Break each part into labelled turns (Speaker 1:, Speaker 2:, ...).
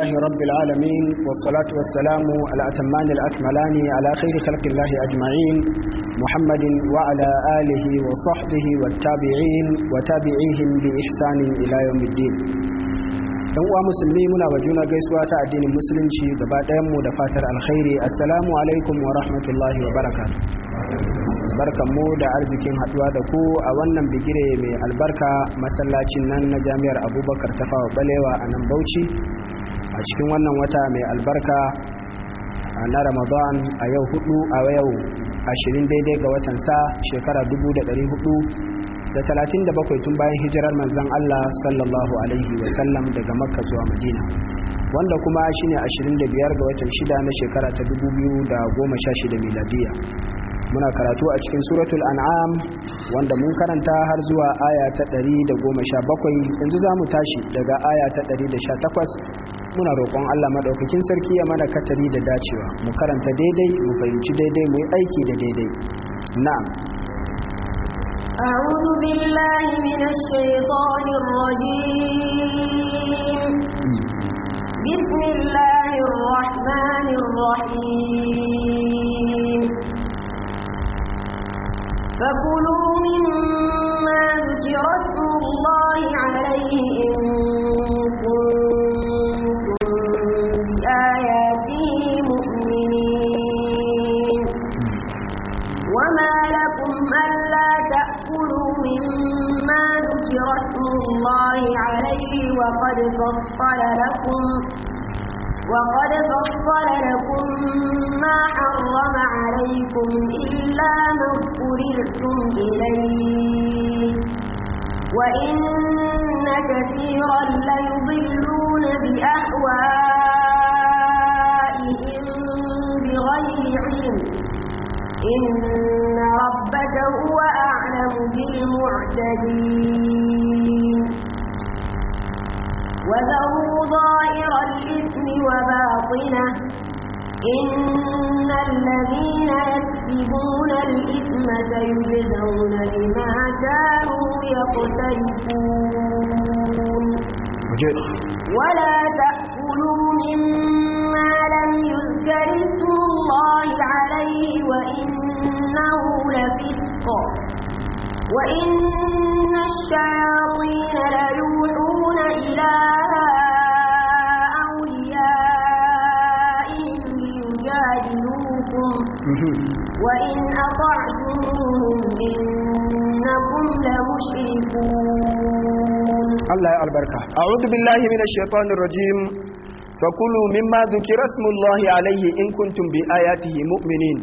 Speaker 1: الله رب العالمين والصلاة والسلام على أتمان الأكملان على خير خلق الله أجمعين محمد وعلى آله وصحبه والتابعين وتابعيهم بإحسان إلى يوم الدين dan uwa musulmi muna wa juna gaisuwa ta addinin musulunci gaba ɗayan mu da fatar alkhairi assalamu alaikum wa rahmatullahi wa barakatuh barkan mu da arzikin haɗuwa da ku a wannan bigire mai albarka masallacin nan na jami'ar abubakar tafawa balewa a nan bauchi a cikin wannan wata mai albarka na ramadan a yau hudu a yau ashirin daidai ga watan sa shekara dubu da da da dari talatin bakwai tun bayan hijirar manzan Allah sallallahu alaihi wasallam daga makka zuwa madina wanda kuma shi ne ashirin da biyar ga watan shida na shekara ta dubu biyu da goma sha shida miladiya muna karatu a cikin suratul an'am wanda mun karanta har zuwa aya ta da goma sha bakwai yanzu za mu tashi daga aya ta da sha takwas? muna roƙon Allah maɗaukakin sarki ya mana katari da dacewa mu karanta daidai mu fahimci daidai mu yi aiki da daidai na'am
Speaker 2: أعوذ بالله من الشيطان الرجيم بسم الله الرحمن الرحيم فكلوا مما ذكر اسم الله عليه إن كنتم مما ذكر اسم الله عليه وقد فصل لكم وقد فصل لكم ما حرم عليكم إلا ما اضطررتم إليه وإن كثيرا ليضلون بأهوائهم بغير علم إن ربك هو أعلم بالمعتدين وذروا ظاهر الإثم وباطنه إن الذين يكسبون الإثم سيجزون بما كانوا يقترفون ولا تأكلوا مما لم يذكر اسم الله تعالى عليه وإنه لفسق وإن الشياطين ليوحون إلى أوليائهم ليجادلوكم وإن أطعتموهم إنكم لمشركون
Speaker 1: الله يا البركة أعوذ بالله من الشيطان الرجيم fakulu mimma zukira smullahi alaihi in kuntum bi ayatihi mu'minin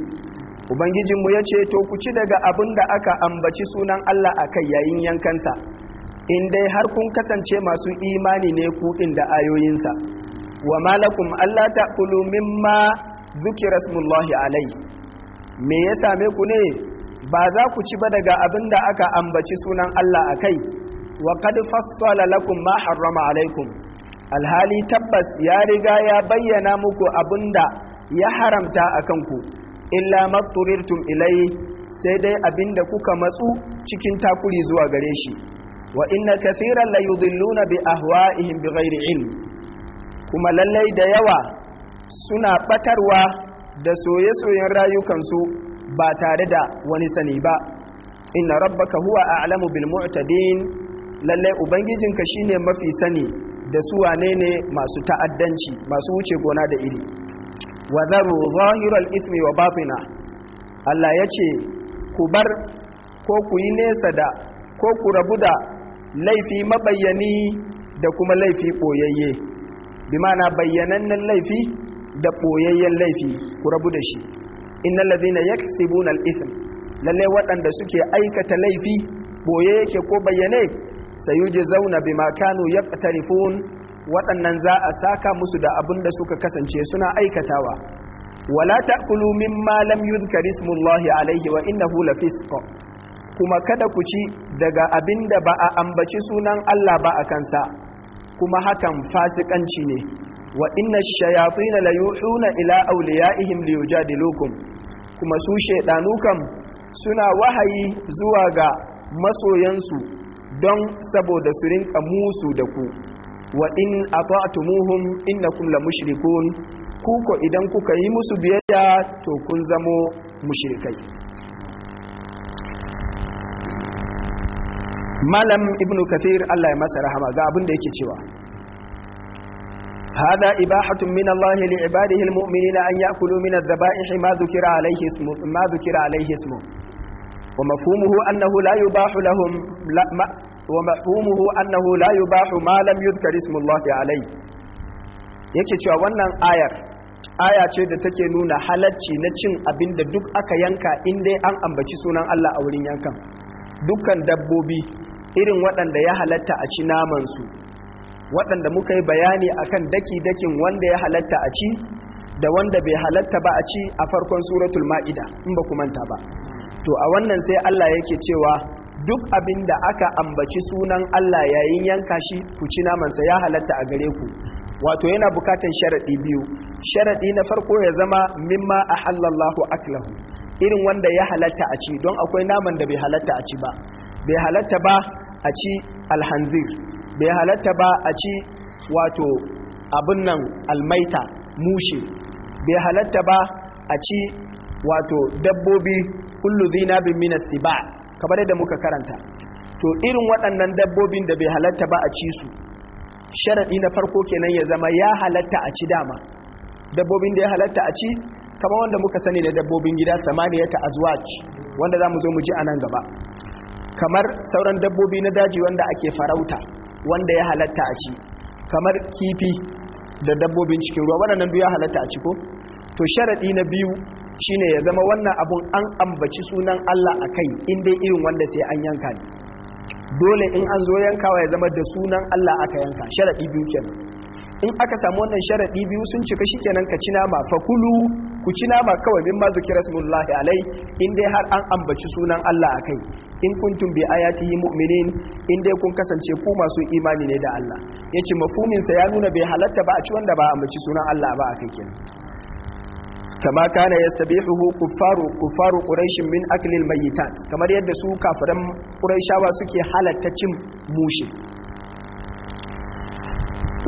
Speaker 1: ubangijinmu ya ce to ku ci daga abin da aka ambaci sunan Allah a kai yayin yankansa in dai har kun kasance masu imani ne ku da ayoyinsa wa malakum Allah ta'kulu mimma zukira smullahi alaihi me ya same ku ne ba za ku ci ba daga abin da aka ambaci sunan Allah a kai wa qad fassala lakum ma harrama alaikum alhali tabbas ya riga ya bayyana muku abinda ya haramta a kanku illa matturirtum ilai sai dai abinda kuka matsu cikin takuri zuwa gare shi wa inna kathiran la yudilluna bi ahwa'ihim bighairi ilm kuma lallai da yawa suna batarwa da soye-soyen rayukansu ba tare da wani sani ba inna rabbaka huwa a'lamu bil mu'tadin lallai ubangijinka shine mafi sani da su wane ne masu ta'addanci masu wuce gona da iri wa zaru zahiral ismi wa batina Allah ya ce ku bar ko ku yi nesa da ko ku rabu da laifi mabayyani da kuma laifi ɓoyayye bi mana bayyanannen laifi da ɓoyayyen laifi ku rabu da shi innal ladhina yaksibuna al-ithm lalle waɗanda suke aikata laifi ɓoye yake ko bayyane sayujzauna bima ya yaqtarifun waɗannan za a saka musu da abin da suka kasance suna aikatawa wala ta'kulu mimma lam yuzkar ismullahi alaihi wa innahu lafisq kuma kada ku ci daga abin da ba a ambaci sunan Allah ba a kansa kuma hakan fasikanci ne wa inna shayatin la yuhuna ila awliyaihim liyujadilukum kuma su shaydanu suna wahayi zuwa ga masoyansu don saboda su rinka musu da ku wa in ata'tumuhum innakum kula mushrikun ku idan kuka yi musu biyayya to kun zamo mushrikai malam ibnu kathir Allah ya masa rahama ga abin da yake cewa هذا إباحة من الله لعباده المؤمنين أن يأكلوا من الذبائح ما ذكر عليه اسمه ما ذكر عليه اسمه ومفهومه أنه لا يباح لهم لا ومفهومه أنه لا يباح ما لم يذكر اسم الله عليه yake cewa wannan ayar aya ce da take nuna halacci na cin abin da duk aka yanka inda an ambaci sunan Allah a wurin yankan dukkan dabbobi irin waɗanda ya halatta a ci namansu waɗanda muka yi bayani akan daki-dakin wanda ya halatta a ci da wanda bai halatta ba a ci a farkon suratul ma'ida in ba ku manta ba to a wannan sai Allah yake cewa duk abin da aka ambaci sunan Allah yayin yanka shi ku ci namansa ya halatta a gare ku wato yana bukatan sharaɗi biyu sharaɗi na farko ya zama mimma a halallahu aklahu irin wanda ya halatta a ci don akwai naman da bai halatta a ci ba bai halatta ba a ci alhanzir bai halatta ba a ci wato abin nan almaita mushe bai halatta ba a ci wato dabbobi kullu zinabin minas tiba kamar yadda muka karanta to irin waɗannan dabbobin da bai halatta ba a ci su sharaɗi na farko kenan ya zama ya halatta a ci dama dabbobin da ya halatta a ci kama wanda muka sani da dabbobin gida samaniya ta azwaj wanda za mu zo mu ji a nan gaba kamar sauran dabbobi na daji wanda ake farauta wanda ya halatta a ci kamar kifi da dabbobin cikin ruwa waɗannan duk ya halatta a ci ko to sharaɗi na biyu shine ya zama wannan abun an ambaci sunan Allah a kai in dai irin wanda sai an yanka ne dole in an zo yankawa ya zama da sunan Allah aka yanka sharaɗi biyu kenan in aka samu wannan sharaɗi biyu sun cika shi kenan ka ci nama fa kulu ku ci nama kawai min ma zikira smullahi alai in dai har an ambaci sunan Allah akai in kuntum bi ayatihi mu'minin in dai kun kasance ku masu imani ne da Allah yace mafhumin sa ya nuna bai halatta ba a ci wanda ba ambaci sunan Allah ba akai kenan kama kana yastabihu kuffaru kuffaru quraish min akli kamar yadda su kafiran quraishawa suke halatta cin mushi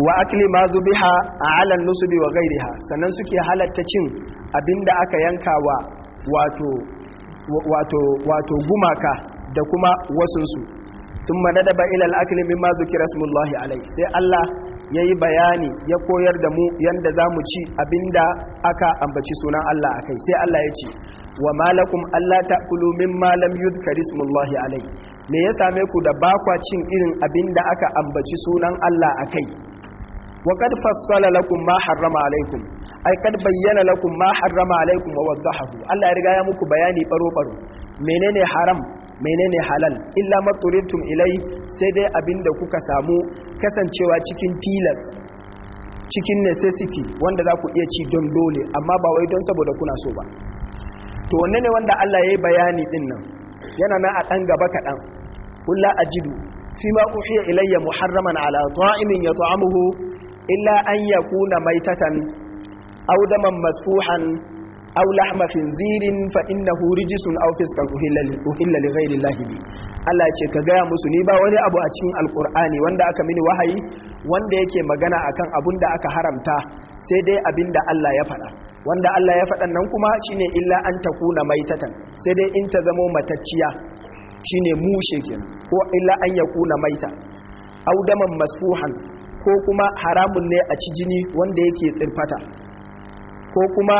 Speaker 1: wa akli ma zubiha ala nusubi wa ghairiha sannan suke halatta cin abinda aka yanka wa wato gumaka da kuma wasunsu thumma nadaba ila al-akli mimma zukira ismullahi alai sai Allah ya yi bayani ya koyar da mu yadda za mu ci abinda aka ambaci sunan Allah a kai sai Allah ya ce wa malakum Allah ta kulu min malam yuz karismullahi alai me ya same ku da bakwa cin irin abinda aka ambaci sunan Allah a kai wa kad fassala lakum ma harrama alaikum ai kad bayyana lakum ma harrama alaikum wa wadahahu Allah ya riga ya muku bayani baro baro menene haram menene halal illa maturitum ilai sai dai abinda kuka samu kasancewa cikin tilas cikin necessity wanda za ku iya ci don dole amma ba wai don saboda kuna so ba to wanne ne wanda Allah ya yi bayani din nan yana na a ɗan gaba kaɗan a ajidu fi ma uhiya ilayya muharraman ala ta'imin yat'amuhu illa an yakuna maitatan aw daman masfuhan aw lahma khinzirin fa innahu rijsun aw fiskan uhilla li ghayri bi Allah ce ka gaya musu ni ba wani abu a cikin alkur'ani wanda aka mini wahayi wanda yake magana akan abun da aka haramta sai dai abin da Allah ya faɗa wanda Allah ya faɗan nan kuma shine illa an ta kuna maitatan sai dai in ta zamo matacciya shine mushe kenan ko illa an ya kuna maita Audaman daman masfuhan ko kuma haramun ne a ci jini wanda yake tsirfata ko kuma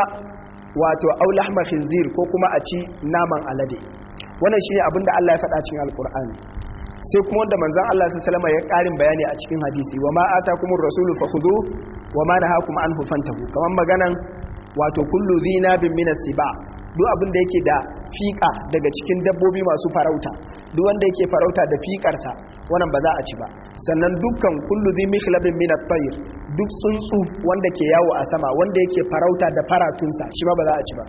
Speaker 1: wato au lahma khinzir ko kuma a ci naman alade wannan shine abin da Allah ya faɗa cikin alkur'ani sai kuma wanda manzon Allah sallallahu alaihi ya ƙarin bayani a cikin hadisi wa ma atakumur rasulu fakhudhu wa ma nahakum anhu fantahu kaman maganan wato kullu bin minas siba duk abin da yake da fiƙa daga cikin dabbobi masu farauta duk wanda yake farauta da fiƙarsa wannan ba za a ci ba sannan dukkan kullu zi mikhlabin min at-tayr duk tsuntsu wanda ke yawo a sama wanda yake farauta da faratunsa shi ma ba za a ci ba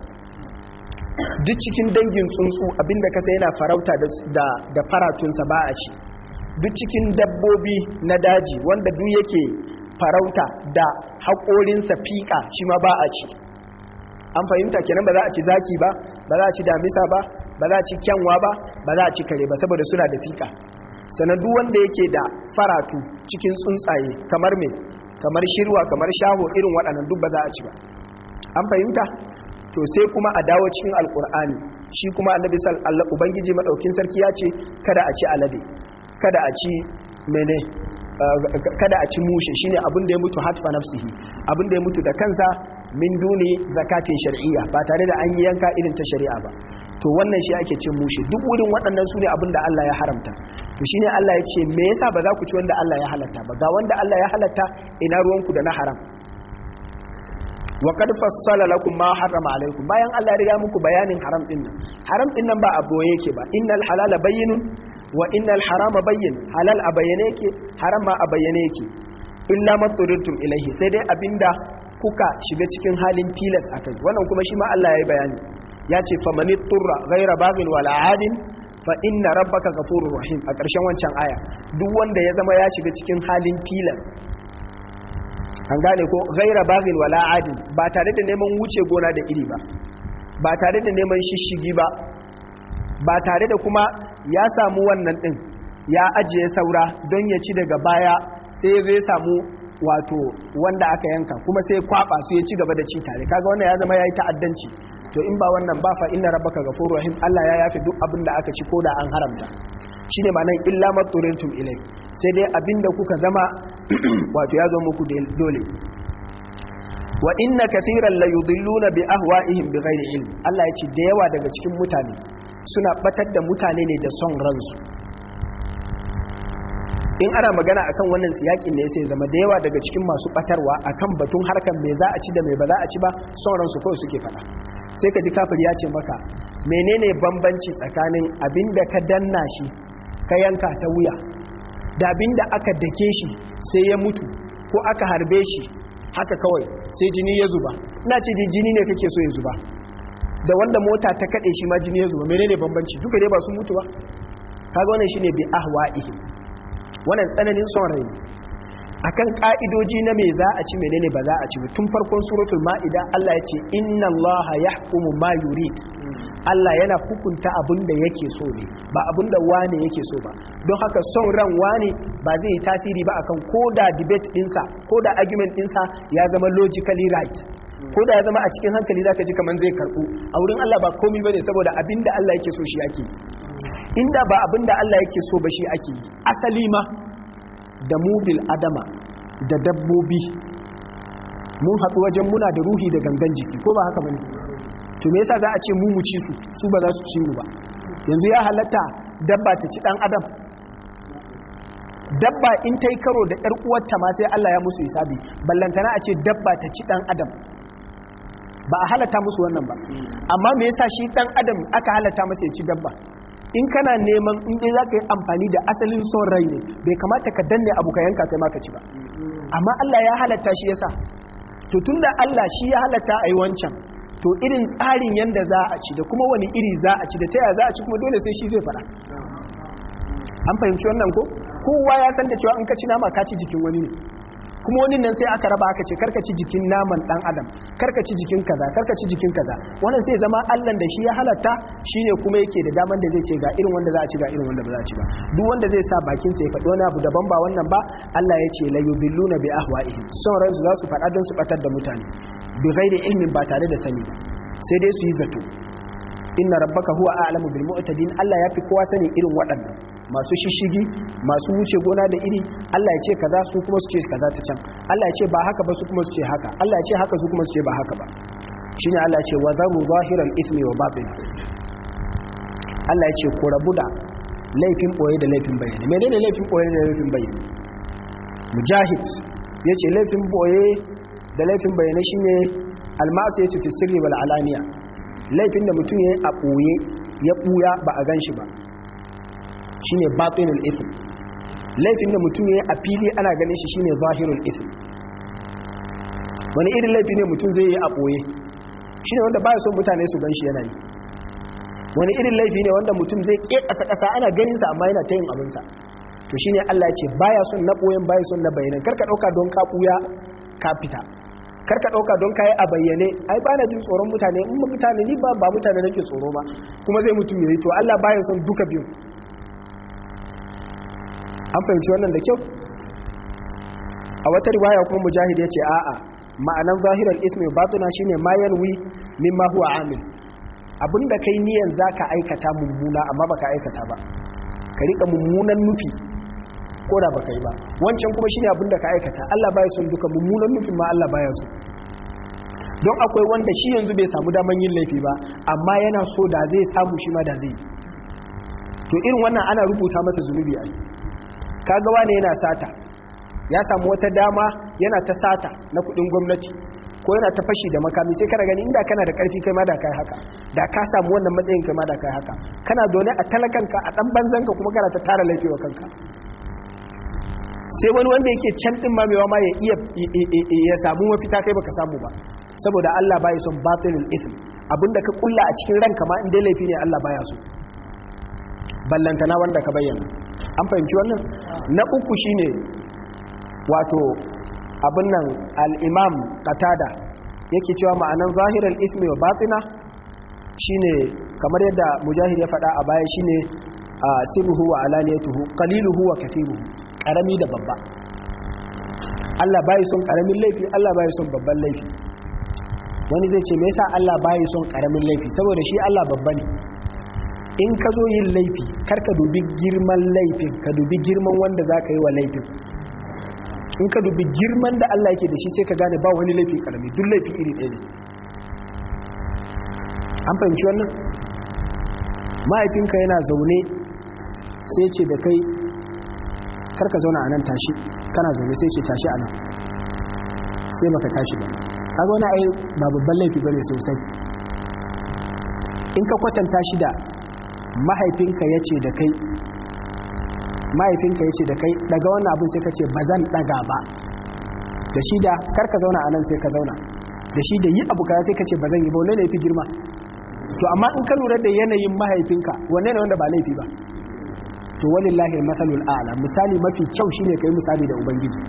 Speaker 1: duk cikin dangin tsuntsu abinda kasa yana farauta da faratunsa ba a ci duk cikin dabbobi na daji wanda duk yake farauta da haƙorinsa fiƙa shi ma ba a ci an fahimta kenan ba za a ci zaki ba ba za a ci damisa ba ba za a ci kyanwa ba ba za a ci kare ba saboda suna da fiƙa sanadu wanda yake da faratu cikin tsuntsaye kamar mai kamar shirwa kamar shaho irin waɗannan duk ba za a ci ba an fahimta to sai kuma a dawo cikin alkur'ani shi kuma annabi sallallahu ubangiji madaukin sarki ya ce kada a ci alade kada a ci mene eh, kada a ci mushe shine abin da ya mutu hatfa nafsihi abin da ya mutu da kansa min duni zakatin shar'iyya ba tare da an yi yanka irin ta shari'a ba to wannan shi ake cin mushe duk wurin waɗannan su ne abin da Allah ya haramta to shine Allah ya ce me yasa ba za ku ci wanda Allah ya halatta ba ga wanda Allah ya halatta ina ruwanku da na haram wa kad fassala lakum ma harrama alaykum bayan Allah ya riga muku bayanin haram din nan haram din nan ba a boye yake ba innal halala bayyinun wa innal harama bayyin halal a bayyane yake haram ma a bayyane yake illa maturitum ilaihi sai dai abinda kuka shiga cikin halin tilas akai wannan kuma shi ma Allah ya yi bayani ya ce famanit turra ghaira baghin wala adin fa inna rabbaka ghafurur rahim a ƙarshen wancan aya duk wanda ya zama ya shiga cikin halin tilas an gane ko gaira bagin wala adin ba tare da neman wuce gona da iri ba ba tare da neman shishigi ba ba tare da kuma ya samu wannan din ya ajiye saura don ya ci daga baya sai ya samu wato wanda aka yanka kuma sai kwaba su ya ci gaba da ci tare kaga wannan ya zama yayi ta'addanci to in ba wannan ba fa inna rabbaka ghafurur rahim Allah ya yafi duk abin da aka ci ko da an haramta shine nan, illa maturintum ilai sai dai abinda kuka zama wato ya zo muku dole wa inna kaseeran la yudilluna bi ahwa'ihim ghairi ilm Allah ya ce da yawa daga cikin mutane suna batar da mutane ne da son ransu in ana magana akan wannan siyakin ne sai zama da yawa daga cikin masu batarwa akan batun harkar me za a ci da mai ba za a ci ba son ransu kawai suke faɗa sai ka ji kafir ya ce maka menene bambanci tsakanin abin da ka danna shi ka yanka ta wuya da abin da aka dake shi sai ya mutu ko aka harbe shi haka kawai sai jini ya zuba ina ce jini ne kake so ya zuba da wanda mota ta kaɗe shi ma jini ya zuba menene bambanci duka dai ba su mutuwa kaga wannan shine bi ahwai wannan tsananin son rai akan ka'idoji na me za a ci menene ba za a ci tun farkon suratul ma'ida Allah ya ce inna Allah yahkumu ma yurid Allah yana hukunta abin da yake so ne ba abin da yake so ba don haka son ran wani ba zai yi tasiri ba akan ko da debate dinsa ko da argument dinsa ya zama logically right ko da ya zama a cikin hankali zaka ji kaman zai karbu a wurin Allah ba komai bane saboda abin da Allah yake so shi yake inda ba abin da Allah yake so ba shi ake asali ma da mu bil adama da dabbobi mun haɗu wajen muna da ruhi da gangan jiki ko ba haka bane to me yasa za a ce mu mu ci su su ba za su ci mu ba yanzu ya halatta dabba ta ci dan adam dabba in ta karo da ƴar uwarta ma sai Allah ya musu hisabi ballantana a ce dabba ta ci dan adam ba a halatta musu wannan ba amma me yasa shi dan adam aka halatta masa ya ci dabba in kana neman in za zaka yi amfani da asalin son rai ne bai kamata ka danne abu ka yanka kai maka ci ba amma Allah ya halatta shi yasa to tunda Allah shi ya halatta yi wancan to irin tsarin yanda za a ci da kuma wani iri za a ci da taya za a ci kuma dole sai shi zai faɗa. an fahimci wannan ko kowa ya san da cewa in ka ci nama ka ci jikin wani ne kuma wani nan sai aka raba aka ce karka ci jikin naman dan adam karka ci jikin kaza karkaci jikin kaza wannan sai zama Allah da shi ya halatta shine kuma yake da daman da zai ce ga irin wanda za a ci ga irin wanda ba za a ci ba duk wanda zai sa bakin sa ya fadi wani abu daban ba wannan ba Allah ya ce la yubilluna bi ahwaihi son ransu za su faɗa don su batar da mutane bi ghairi ilmin ba tare da sani sai dai su yi zato inna rabbaka huwa a'lamu bil mu'tadin Allah ya fi kowa sani irin waɗannan masu shishigi masu wuce gona da iri Allah ya ce kaza su kuma su ce kaza ta can Allah ya ce ba haka ba su kuma su ce haka Allah ya ce haka su kuma su ce ba haka ba shine Allah ya ce wa zaru zahiran ismi wa batin Allah ya ce ku rabu da laifin boye da laifin ne menene laifin boye da laifin bayyane mujahid yace laifin boye da laifin bayyane shine almasiyatu fi sirri wal alaniya laifin da mutum ya a boye ya buya ba a ganshi ba Shi ne batinul ithm laifin da mutum ya yi a fili ana ganin shi shi ne zahirul ithm wani irin laifi ne mutum zai yi a ɓoye shi ne wanda baya son mutane su ganshi yana yanayi wani irin laifi ne wanda mutum zai ke a kasa ana ganin sa amma yana ta yin abinsa to shi ne Allah ce ce baya son na ba baya son na bayyana karka ɗauka don ka ɓuya ka fita karka ɗauka don kayi a bayyane ai ba na jin tsoron mutane in mutane ni ba mutane mutane nake tsoro ba kuma zai mutum yi to Allah baya son duka biyu an fahimci wannan da kyau a wata riwaya kuma mujahid ya ce a'a ma'anan zahirar ismi batuna shine ma yarwi mimma huwa amin abinda kai niyan zaka aikata mummuna amma baka aikata ba ka rika mummunan nufi ko da baka yi ba wancan kuma shine abinda ka aikata Allah baya son duka mummunan nufin ma Allah baya so don akwai wanda shi yanzu bai samu daman yin laifi ba amma yana so da zai samu shi ma da zai to irin wannan ana rubuta masa zunubi a kaga wane yana sata ya samu wata dama yana ta sata na kudin gwamnati ko yana ta fashi da makami sai kana gani inda kana da karfi kai ma da kai haka da ka samu wannan matsayin kai ma da kai haka kana zaune a talakanka a dan ka kuma kana ta tara laifi wa kanka sai wani wanda yake can din mamewa ma ya iya ya samu mafita kai baka samu ba saboda Allah baya son batilul ithm abinda ka kulla a cikin ranka ma inda laifi ne Allah baya so ballantana wanda ka bayyana an fahimci wannan na uku shine wato abin nan al'imam Katada yake cewa ma'anan zahirar ismi wa shi shine kamar yadda mujahid ya faɗa a baya shine sinuhu wa alaliyatuhu kaliluhu wa kathiruhu karami da babba Allah bayi son karamin laifi Allah bayi son babban laifi wani zai ce me yasa Allah bayi son karamin laifi saboda shi Allah babba ne in ka zo yin laifi kar ka dubi girman laifin ka dubi girman wanda za ka yi wa laifin in ka dubi girman da Allah yake da shi sai ka gane ba wani laifin karami duk laifi iri ɗaya ne an fahimci wannan mahaifinka yana zaune sai ce da kai kar ka zauna a nan tashi kana zaune sai ce tashi a nan sai baka tashi ba kaga wani ai ba babban laifi bane sosai in ka kwatanta shi da mahaifinka ya ce da kai mahaifinka ya ce da kai daga wannan abin sai ka ce ba zan daga ba da shi da kar ka zauna a nan sai ka zauna da shi da yi abu kaza sai ka ce ba zan yi ba wanne ne fi girma to amma in ka lura da yanayin mahaifinka wanne ne wanda ba laifi ba to walillahi masalul a'la misali mafi kyau shine kai misali da ubangiji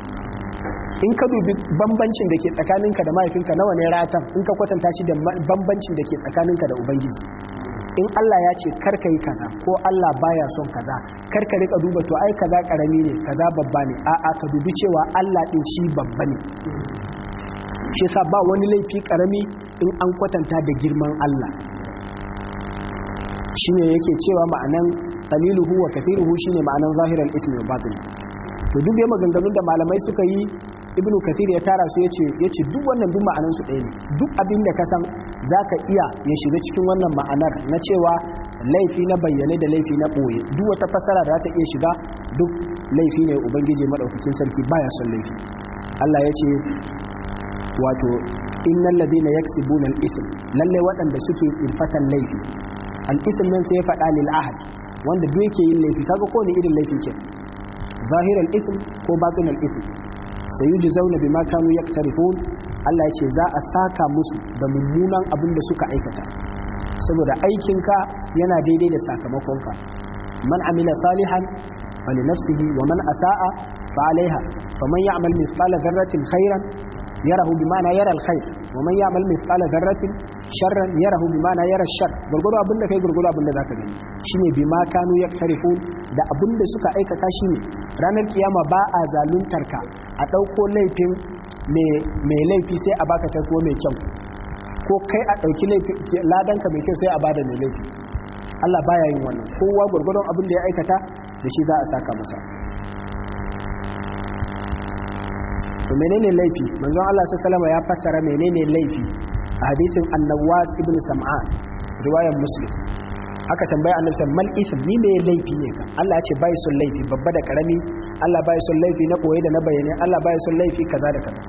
Speaker 1: in ka dubi bambancin da ke tsakaninka da mahaifinka nawa ne ratan in ka kwatanta shi da bambancin da ke tsakaninka da ubangiji in Allah ya ce karka yi kaza ko Allah baya son kaza karka rika duba to ai kaza karami ne kaza babba ne a'a ka dubi cewa Allah din shi babba ne shi yasa ba wani laifi karami in an kwatanta da girman Allah shine yake cewa ma'anan qaliluhu wa kathiruhu shine ma'anan zahiran ismi wa batin to duk da maganganun da malamai suka yi ibnu kasir ya tara su yace yace duk wannan duk ma'anar su ɗaya ne duk abin da ka san zaka iya ya shiga cikin wannan ma'anar na cewa laifi na bayyane da laifi na ɓoye duk wata fasara da ta iya shiga duk laifi ne ubangiji madaukakin sarki baya son laifi Allah ya ce wato innal ladina yaksibuna al-ithm lalle waɗanda suke tsirfatan laifi al-ithm nan sai ya faɗa lil ahad wanda duk yake yin laifi kaga ko ne irin laifi ke zahiral isim ko batinal isim. zaune sayujzauna bima kanu yaktarifun Allah ya ce za a saka musu da mummunan abin da suka aikata saboda aikinka yana daidai da sakamakonka man amila salihan fali nafsihi wa man asa'a fa alaiha fa man ya'mal mithqala dharratin khairan yarahu bima'ana yara alkhair wa man ya'mal mithqala dharratin sharran yarahu bi mana yara shar gurgudu abin da kai gurgudu abin da zaka gani shine bi ma kanu yaktarifu da abin da suka aikata shine ranar kiyama ba a zaluntar ka a dauko laifin mai laifi sai a baka ta ko mai kyau ko kai a dauki ladan ka mai kyau sai a bada mai laifi Allah baya yin wannan kowa gurgudu abin da ya aikata da shi za a saka masa to menene laifi manzon Allah sallallahu alaihi wasallam ya fassara menene laifi hadisin annawas ibn sam'an riwayar muslim aka tambaya annabi sallallahu alaihi wasallam mal me laifi ne Allah ya ce bai son laifi babba da karami Allah bai son laifi na koyi da na bayani Allah bai son laifi kaza da kaza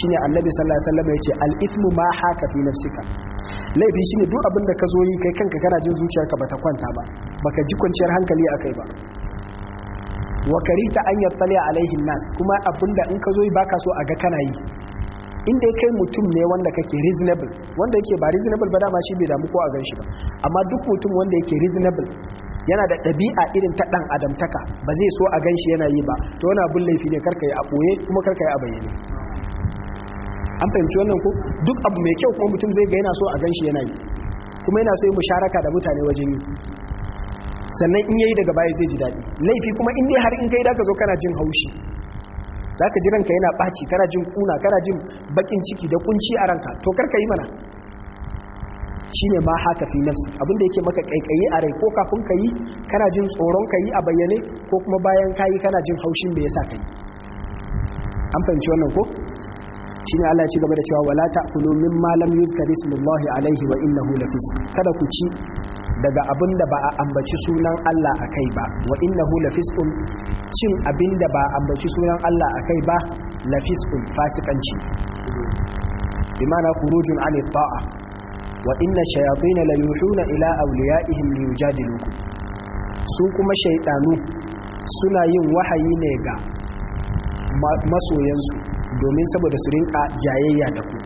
Speaker 1: shine annabi sallallahu alaihi wasallam ya ce al ma haka fi nafsika laifi shine duk abin da ka zo yi kai kanka kana jin zuciyarka bata kwanta ba baka ji kwanciyar hankali akai ba wa karita an yattali alaihin nas kuma abinda in ka zo yi baka so a ga kana yi inda kai mutum ne wanda kake reasonable wanda yake ba reasonable ba dama shi bai damu ko a gan shi ba amma duk mutum wanda yake reasonable yana da ɗabi'a irin ta ɗan adamtaka ba zai so a gan shi yana yi ba to wani abun laifi ne karka yi a ɓoye kuma karka yi a bayyane an fahimci wannan ko duk abu mai kyau kuma mutum zai ga yana so a gan shi yana yi kuma yana so yi musharaka da mutane wajen yi sannan in yayi daga baya zai ji daɗi laifi kuma in dai har in kai da ka zo kana jin haushi za ka ji ranka yana ɓaci kana jin kuna kana jin baƙin ciki da kunci a ranka to karka yi mana shi ne ma haka fi nafsi abinda yake maka ƙaiƙayi a rai ko kafin ka yi kana jin tsoron ka yi a bayyane ko kuma bayan ka yi kana jin haushin da ya sa ka yi an fahimci wannan ko shi ne Allah ya ci gaba da cewa wala ta'kulu min malam yuzkar alaihi wa innahu lafis kada ku ci daga abin da ba a ambaci sunan Allah a kai ba wa innahu lafisqun cin abin da ba a ambaci sunan Allah a kai ba lafisqun fasikanci bi ma'ana khurujun an ta'a wa inna shayatin la yuhuna ila awliyaihim liyujadilukum su kuma shaytanu suna yin wahayi ne ga masoyansu domin saboda su rinka jayayya da ku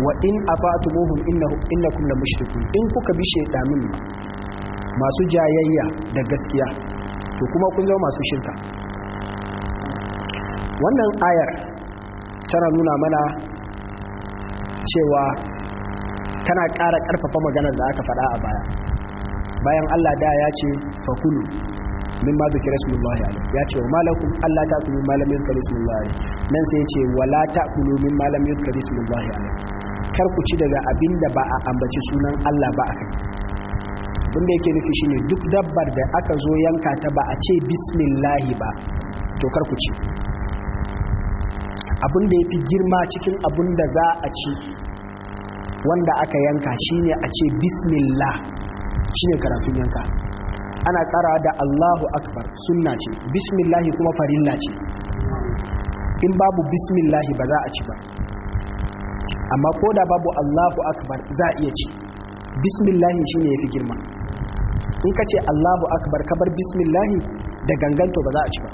Speaker 1: wa in afatumuhum innakum la mushrikun in kuka bi shaydanin masu jayayya da gaskiya to kuma kun zama masu shirka wannan ayar tana nuna mana cewa tana ƙara ƙarfafa maganar da aka faɗa a baya bayan Allah da ya ce fakulu min ma zikira smullahi alai ya ce wa malakum Allah ta kulu malamin karismullahi nan sai ya ce wala ta kulu min malamin karismullahi alai kar ku ci daga abin da ba a ambaci sunan Allah ba a kai abin yake nufi shine duk dabbar da aka zo yanka ta ba a ce bismillah ba to kar ku ci abin da yafi girma cikin abin da za a ci wanda aka yanka shine a ce bismillah shine karatun yanka ana kara da Allahu akbar sunna ce bismillah kuma farilla ce in babu bismillah ba za a ci ba amma ko da babu Allahu akbar za a iya ci bismillah ya yafi girma in ka ce Allahu akbar ka bar bismillah da ganganto ba za a ci ba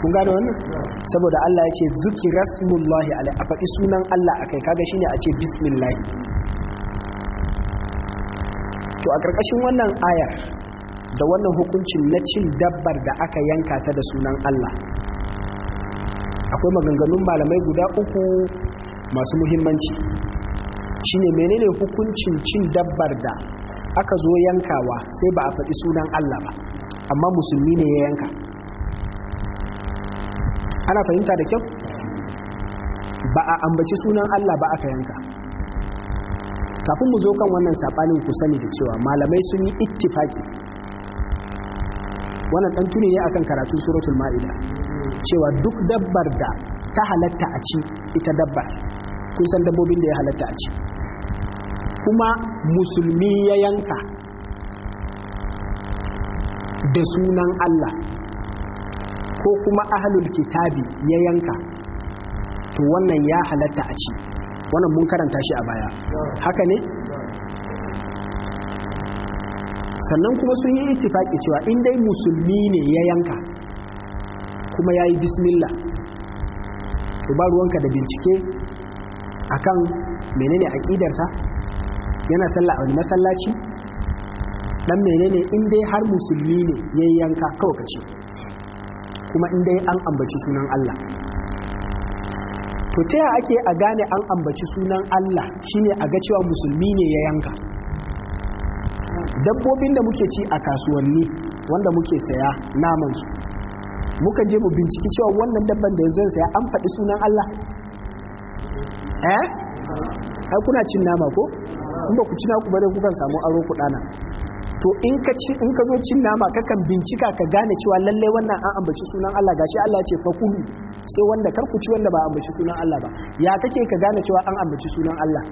Speaker 1: kun gane wannan saboda Allah ya ce zikira smullahi alai a faɗi sunan Allah akai kaga shine a ce bismillah to a ƙarƙashin wannan ayar da wannan hukuncin na cin dabbar da aka yanka ta da sunan Allah akwai maganganun malamai guda uku masu muhimmanci shine menene hukuncin cin dabbar da aka zo yankawa sai ba a faɗi sunan Allah ba amma musulmi ne ya yanka ana fahimta da kyau ba a ambaci sunan Allah ba aka yanka kafin mu zo kan wannan sabanin ku sani da cewa malamai sun yi ittifaki wannan dan tuni ne akan karatun suratul ma'ida cewa duk dabbar da ta halatta a ci ita dabbar kun san dabbobin da ya halatta a ci kuma musulmi ya yanka da sunan Allah ko kuma ahalul kitabi ya yanka to wannan ya halatta a ci wannan mun karanta shi a baya haka ne sannan kuma sun yi ittifaki cewa in dai musulmi ne ya yanka kuma ya yi bismillah to ba ruwanka da bincike akan menene aqidarsa yana sallah a wani masallaci dan menene in dai har musulmi ne yayi yanka kawai kace kuma in dai an ambaci sunan Allah to ta ake a gane an ambaci sunan Allah shine a ga cewa musulmi ne ya yanka dabbobin da muke ci a kasuwanni wanda muke saya naman su muka je mu binciki cewa wannan dabban da yanzu saya an faɗi sunan Allah eh ai kuna cin nama ko in ba ku ci naku bare kukan samu aro ku dana to in ka ci in ka zo cin nama kakan bincika ka gane cewa lalle wannan an ambaci sunan Allah gashi Allah ya ce Kulu sai wanda kar ku ci wanda ba ambaci sunan Allah ba ya kake ka gane cewa an ambaci sunan Allah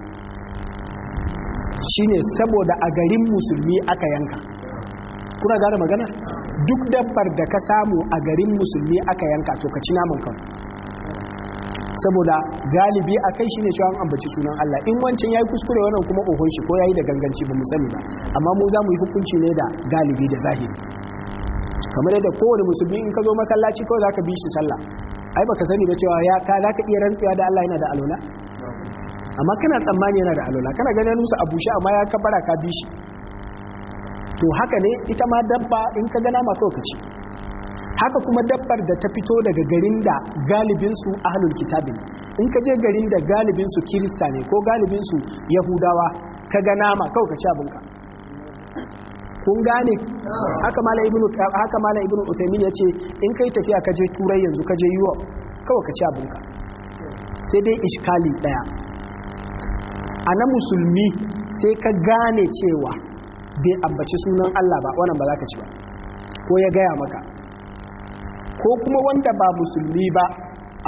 Speaker 1: shine saboda a garin musulmi aka yanka kuna gane magana duk dabbar da ka samu a garin musulmi aka yanka to ka ci naman kanka saboda galibi a kai shine cewa an ambaci sunan Allah in wancan yayi kuskure wannan kuma ohon shi ko yayi da ganganci ba mu sani ba amma mu za mu yi hukunci ne da galibi da zahiri kamar yadda kowane musulmi in ka zo masallaci kawai zaka bi shi sallah ai baka sani ba cewa ya ka zaka iya rantsuwa da Allah yana da alola amma kana tsammani yana da alola kana ganin nusa a bushe amma ya kabara ka bi shi to haka ne ita ma dabba in ka gana ma kawai ka ci haka kuma dabbar da ta fito daga garin da galibinsu ahlul kitabin in ka je garin da galibinsu kirista ne ko galibinsu yahudawa ka ga nama kawai ka ci ka kun gane haka mala ibnu haka mala ibnu usaymin yace in kai tafiya ka je turai yanzu ka je europe kawai ka ci ka sai dai iskali daya ana musulmi sai ka gane cewa bai ambaci sunan Allah ba wannan ba za ka ci ba ko ya gaya maka ko kuma wanda ba musulmi ba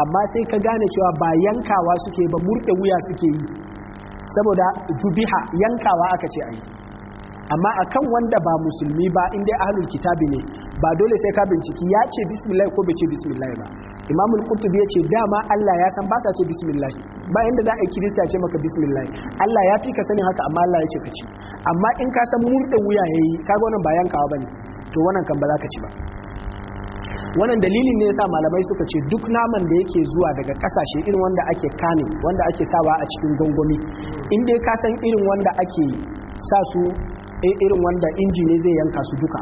Speaker 1: amma sai ka gane cewa ba yankawa suke ba murɗe wuya suke yi saboda dubiha yankawa aka ce a yi amma akan wanda ba musulmi ba in dai ahlul kitabi ne ba dole sai ka binciki ya ce bismillah ko bai ce bismillah ba al-qutubi ya ce dama Allah ya san ba ta ce bismillah ba inda za a kirista ce maka bismillah Allah ya fi ka sanin haka amma Allah ya ce ka ci amma in ka san murɗe wuya yayi kaga wannan ba yankawa bane to wannan kan ba za ka ci ba wannan dalilin ne yasa malamai suka ce duk naman da yake zuwa daga kasashe irin wanda ake kane wanda ake sawa a cikin gangwami in dai ka san irin wanda ake sa su eh, irin wanda inji ne zai yanka su duka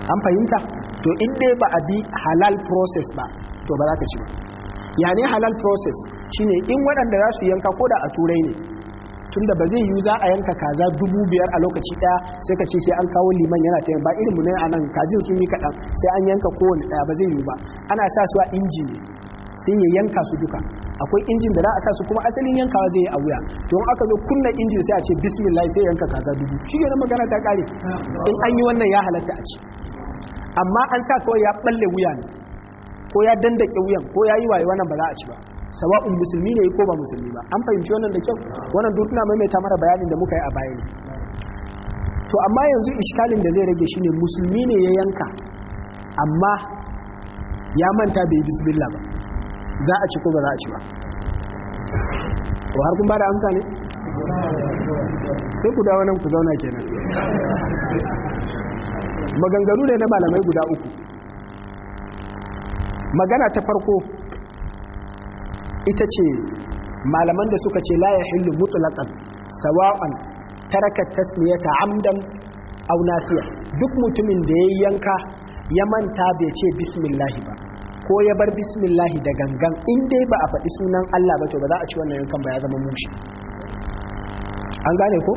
Speaker 1: an fahimta to in dai ba a bi halal process ba to ba za ka ci ba ya ne halal process shine in waɗanda za su yanka ko da a turai ne tunda ba zai yiwu za a yanka kaza dubu biyar a lokaci daya sai ka ce sai an kawo liman yana ta ba irin mu ne a nan kajin sun yi kaɗan sai an yanka kowane daya ba zai yiwu ba ana sa su a inji ne sai ya yanka su duka akwai injin da za a sa su kuma asalin yankawa zai yi a wuya to in aka zo kunna injin sai a ce bismillah sai yanka kaza dubu shi ne magana ta kare in an yi wannan ya halatta a ci amma an sa kawai ya balle wuya ne ko ya dandake wuyan ko ya yi wayewa wannan ba za a ci ba sawa'un musulmi ne ko ba musulmi ba an fahimci wannan da kyau wannan duk ina maimaita mara bayanin da muka yi a baya ne to amma yanzu iskalin da zai rage shine musulmi ne ya yanka amma ya manta bai bismillah ba za a ci ko ba za a ci ba to har kun ba da amsa ne sai ku dawo nan ku zauna kenan maganganu ne na malamai guda uku magana ta farko ita ce malaman da suka ce laye yahillu mutulakan sawa'an taraka tasmiyata amdan aw nasiya duk mutumin da ya yanka ya manta bai ce bismillahi ba ko ya bar bismillahi da gangan in dai ba a faɗi sunan Allah ba to ba za a ci wannan yankan ba ya zama mushi an gane ko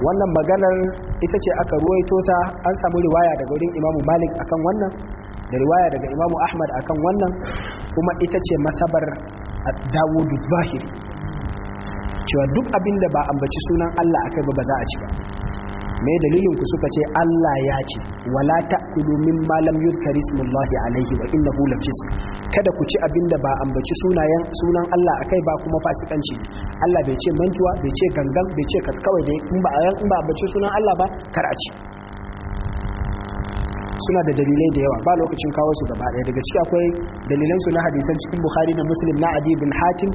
Speaker 1: wannan maganar ita ce aka ruwaito ta an samu riwaya daga wurin imamu Malik akan wannan da riwaya daga imamu Ahmad akan wannan kuma ita ce masabar a dawo da zahiri cewa duk abin da ba ambaci sunan Allah akai ba ba za a ci ba mai dalilin ku suka ce Allah ya ce wala ta'kulu mimma lam yuzkar ismullahi alaihi wa innahu fis. kada ku ci abinda ba ambaci sunayen sunan Allah akai ba kuma fasikanci Allah bai ce mantuwa bai ce gangan bai ce kawai dai in ba in ba ambaci sunan Allah ba kar a ci suna da dalilai da yawa ba lokacin kawo su gaba ɗaya daga ciki akwai dalilan su na hadisan cikin bukhari da muslim na adi bin hatim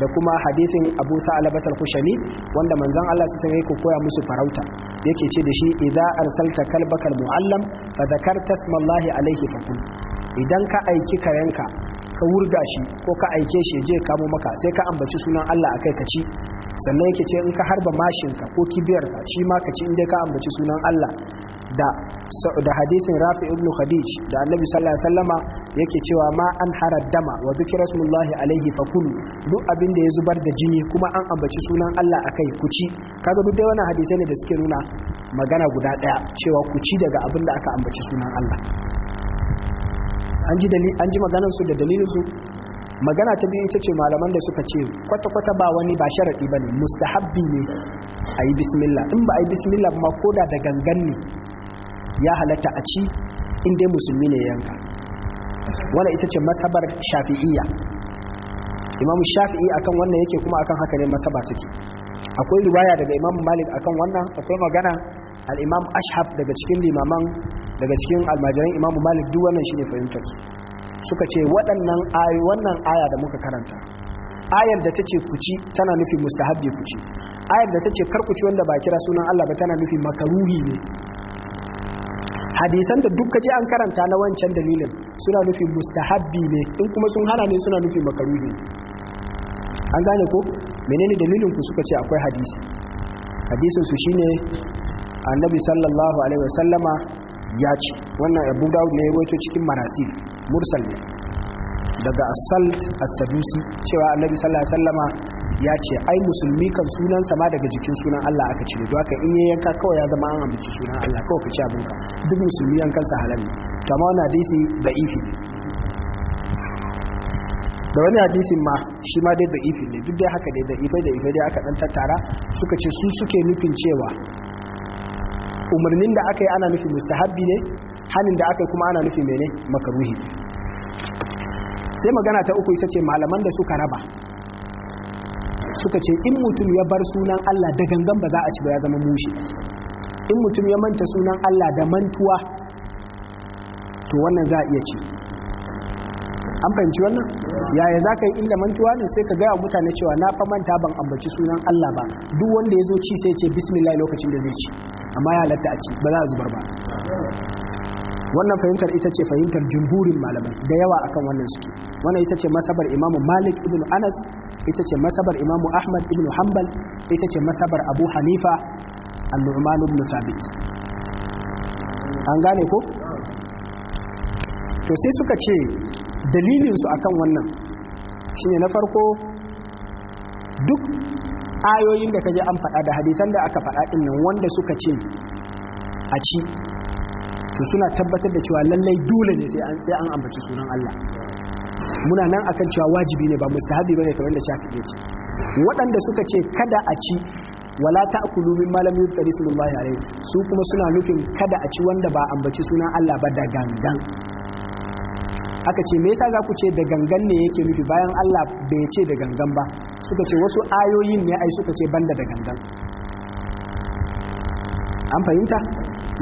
Speaker 1: da kuma hadisin abu sa'alabat kushani wanda manzon Allah su sanya yake koya musu farauta yake ce da shi idza arsalta kalbaka al-muallam fa dhakarta smallahi alayhi fakul idan ka aiki kayanka ka wurga shi ko ka aike shi je kamo maka sai ka ambaci sunan Allah akai ka ci sannan yake ce in ka harba mashinka ko kibiyarka shi ma ka ci in dai ka ambaci sunan Allah da da hadisin Rafi ibn Khadij da Annabi sallallahu alaihi wasallama yake cewa ma an haraddama wa zikra smullahi alaihi fakulu duk abin da ya zubar da jini kuma an ambaci sunan Allah akai ku ci kaga duk dai wannan hadisai ne da suke nuna magana guda daya cewa ku ci daga abin da aka ambaci sunan Allah an ji dalili an ji maganar su da dalilin su magana ta biyu ita ce malaman da suka ce kwata-kwata ba wani ba sharaɗi bane mustahabbi ne a bismillah in ba a yi bismillah ma koda da gangan ne ya halatta a ci in dai musulmi ne yanka wannan ita ce masabar shafi'iyya imamu shafi'i akan wannan yake kuma akan haka ne masaba take akwai riwaya daga imam malik akan wannan akwai magana al-imam ashhab daga cikin limaman daga cikin almajiran imam malik duk wannan shine fahimtar suka ce waɗannan ayi wannan aya da muka karanta ayar da tace ku ci tana nufi mustahabbi ku ci ayar da tace kar ku ci wanda ba kira sunan Allah ba tana nufi makaruhi ne hadisan da duk kaji an karanta na wancan dalilin suna nufi mustahabbi ne in kuma sun hana ne suna nufi makaruhi an gane ko menene dalilin ku suka ce akwai hadisi hadisin su shine annabi sallallahu alaihi wasallama ya ce wannan abu dawud ne ya cikin marasi mursal ne daga asalt as cewa annabi sallallahu alaihi wasallama ya ce ai musulmi kan sunan sama daga jikin sunan Allah aka cire don haka in yanka kawai ya zama an ambaci sunan Allah kawai ka ci abin ka duk musulmi yankan kansa halali ne to amma wannan hadisi da ifi da wani hadisin ma shi ma dai da ifi ne duk dai haka dai da ifai da ifai dai aka dan tattara suka ce su suke nufin cewa umarnin da aka yi ana nufi mustahabbi ne hanin da aka yi kuma ana nufi mene makaruhi sai magana ta uku ita ce malaman da suka raba suka ce in mutum ya bar sunan Allah da gangan ba za a ci ba ya zama mushi in mutum ya manta sunan Allah da mantuwa to wannan za a iya ci an fahimci wannan yaya za ka yi inda mantuwa ne sai ka gaya mutane cewa na fa manta ban ambaci sunan Allah ba duk wanda ya zo ci sai ce bismillah lokacin da zai ci amma ya halatta a ci ba za a zubar ba wannan fahimtar ita ce fahimtar jumburin malamai da yawa akan wannan suke wannan ita ce masabar imamu malik ibn anas ita ce masabar imamu ahmad ibn hanbal ita ce masabar abu hanifa al-nu'man ibn sabit an gane ko to sai suka ce dalilinsu akan wannan shine na farko duk ayoyin da kaje an faɗa da hadisan da aka faɗa ɗin nan wanda suka ce a ci to suna tabbatar da cewa lallai dole ne sai an ambaci sunan Allah muna nan akan cewa wajibi ne ba mustahabi bane kamar da shafi yake waɗanda suka ce kada a ci wala ta'kulu mimma lam yuzkar sallallahu alaihi su kuma suna nufin kada a ci wanda ba ambaci suna Allah ba da gangan aka ce me yasa za ku ce da gangan ne yake nufi bayan Allah bai ce da gangan ba suka ce wasu ayoyin ne ai suka ce banda da gangan an fahimta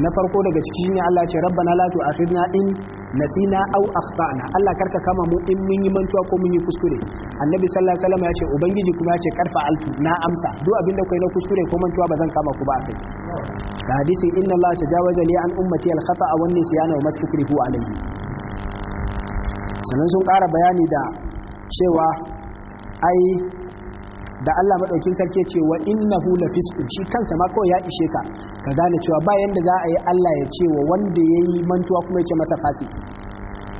Speaker 1: na farko daga ciki ne Allah ce rabbana la tu'akhidna in nasina au akhtana Allah karka kama mu in mun yi mantuwa ko mun yi kuskure annabi sallallahu alaihi wasallam ya ce ubangiji kuma ya ce karfa altu na amsa duk abin da kai na kuskure ko mantuwa ba zan kama ku ba kai? da hadisi inna Allah tajawaza li an ummati al khata'a wan nisyana wa mastukrihu alayhi sannan sun ƙara bayani da cewa ai da Allah madaukin sarki ce wa innahu lafisqun shi kansa ma kawai ya ishe ka ka gane cewa bayan da za a yi Allah ya ce wa wanda ya yi mantuwa kuma ya ce masa fasiki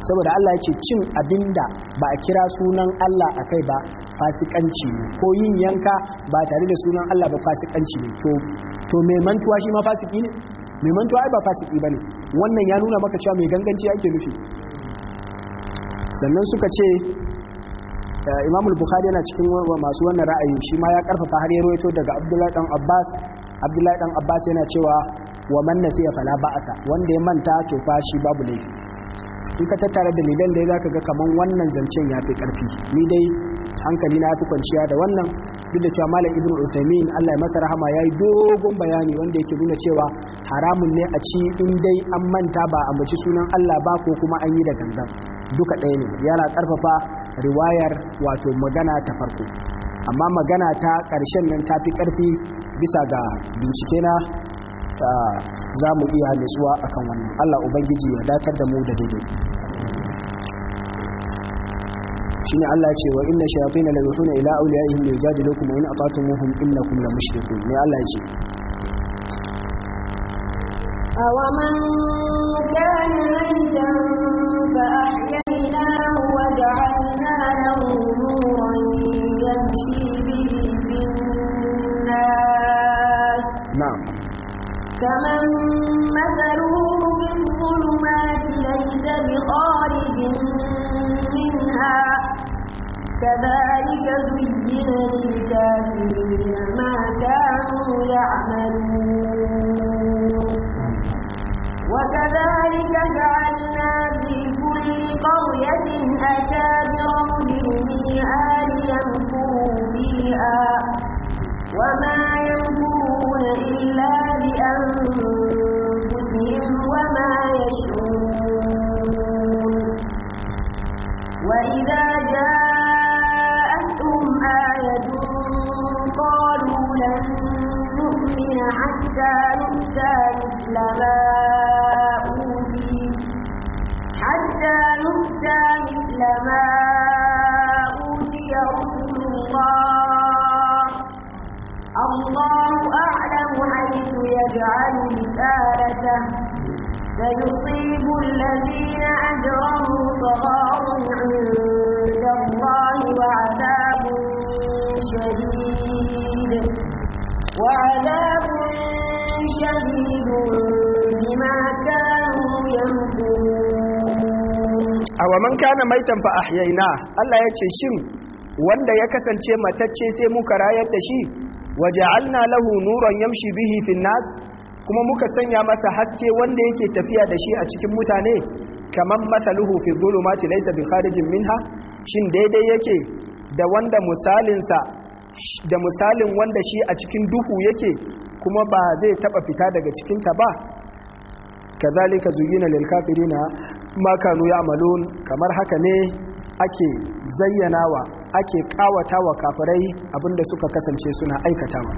Speaker 1: saboda Allah ya ce cin abinda ba a kira sunan Allah a kai ba fasikanci ne ko yin yanka ba tare da sunan Allah ba fasikanci ne to to mai mantuwa shi ma fasiki ne mai mantuwa ai ba fasiki bane wannan ya nuna maka cewa mai ganganci ake nufi sannan suka ce eh, Imam al-Bukhari yana cikin masu wannan ra'ayi shi ma ya karfafa har ya rawaito daga Abdullahi dan Abbas abdullahi dan abbas yana cewa wa man nasiya fala sa wanda ya manta to fa shi babu laifi in ka tattara dalilan da zaka ga kaman wannan zancen ya fi karfi ni dai hankali na fi kwanciya da wannan duk da cewa malam ibnu usaimin Allah ya masa ya yi dogon bayani wanda yake nuna cewa haramun ne a ci in dai an manta ba a mace sunan Allah ba ko kuma an yi da gangan duka ɗaya ne yana karfafa riwayar wato magana ta farko amma magana ta ƙarshen nan ta fi ƙarfi bisa ga bincike na za mu iya nutsuwa akan wannan allah ubangiji ya datar da mu da daidai shi ne Allah ce wa inna shayatin la yuhuna ila awliyaihim yujadilukum wa in ata'tumuhum innakum la mushrikun ne Allah ce
Speaker 2: awaman kana hayyan fa ahyaynahu wa ja'alna lahu nuran يمشي في الناس نعم كمن مثله في الظلمات ليس بخارج منها كذلك زين للكافرين ما كانوا يعملون نعم. وكذلك
Speaker 1: faman kana maitan fa ahyaina Allah ya ce shin wanda ya kasance matacce sai muka rayar da shi waja'alna lahu nuran yamshi bihi fin nas kuma muka sanya masa haske wanda yake tafiya da shi a cikin mutane kaman mataluhu fi dhulumati laysa bi kharijin minha shin daidai yake da wanda sa da misalin wanda shi a cikin duhu yake kuma ba zai taba fita daga cikin ta ba kazalika zuyina lil kafirina makanu ya malun kamar haka ne ake zayyanawa ake kawata wa kafirai abinda suka kasance suna aikatawa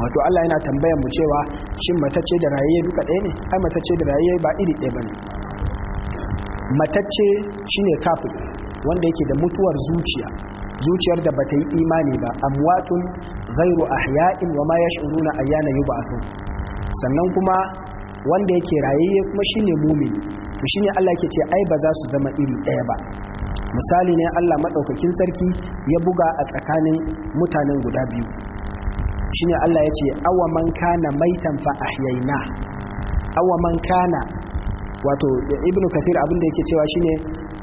Speaker 1: wato Allah yana tambayar mu cewa shin matacce da rayaye duka ɗaya ne ai matacce da rayaye ba iri ɗaya bane matacce shine kafir wanda yake da mutuwar zuciya zuciyar da bata yi imani ba amwatun ghairu ahya'in wa ma yash'uruna ayyana yub'athun sannan kuma wanda yake rayayye kuma shine mumin. to shine Allah yake ce ai ba za su zama iri ɗaya ba misali ne Allah maɗaukakin sarki ya buga a tsakanin mutanen guda biyu shine Allah ya ce awa man kana maitan fa ahyaina awa man kana wato ibnu kathir abin da yake cewa shine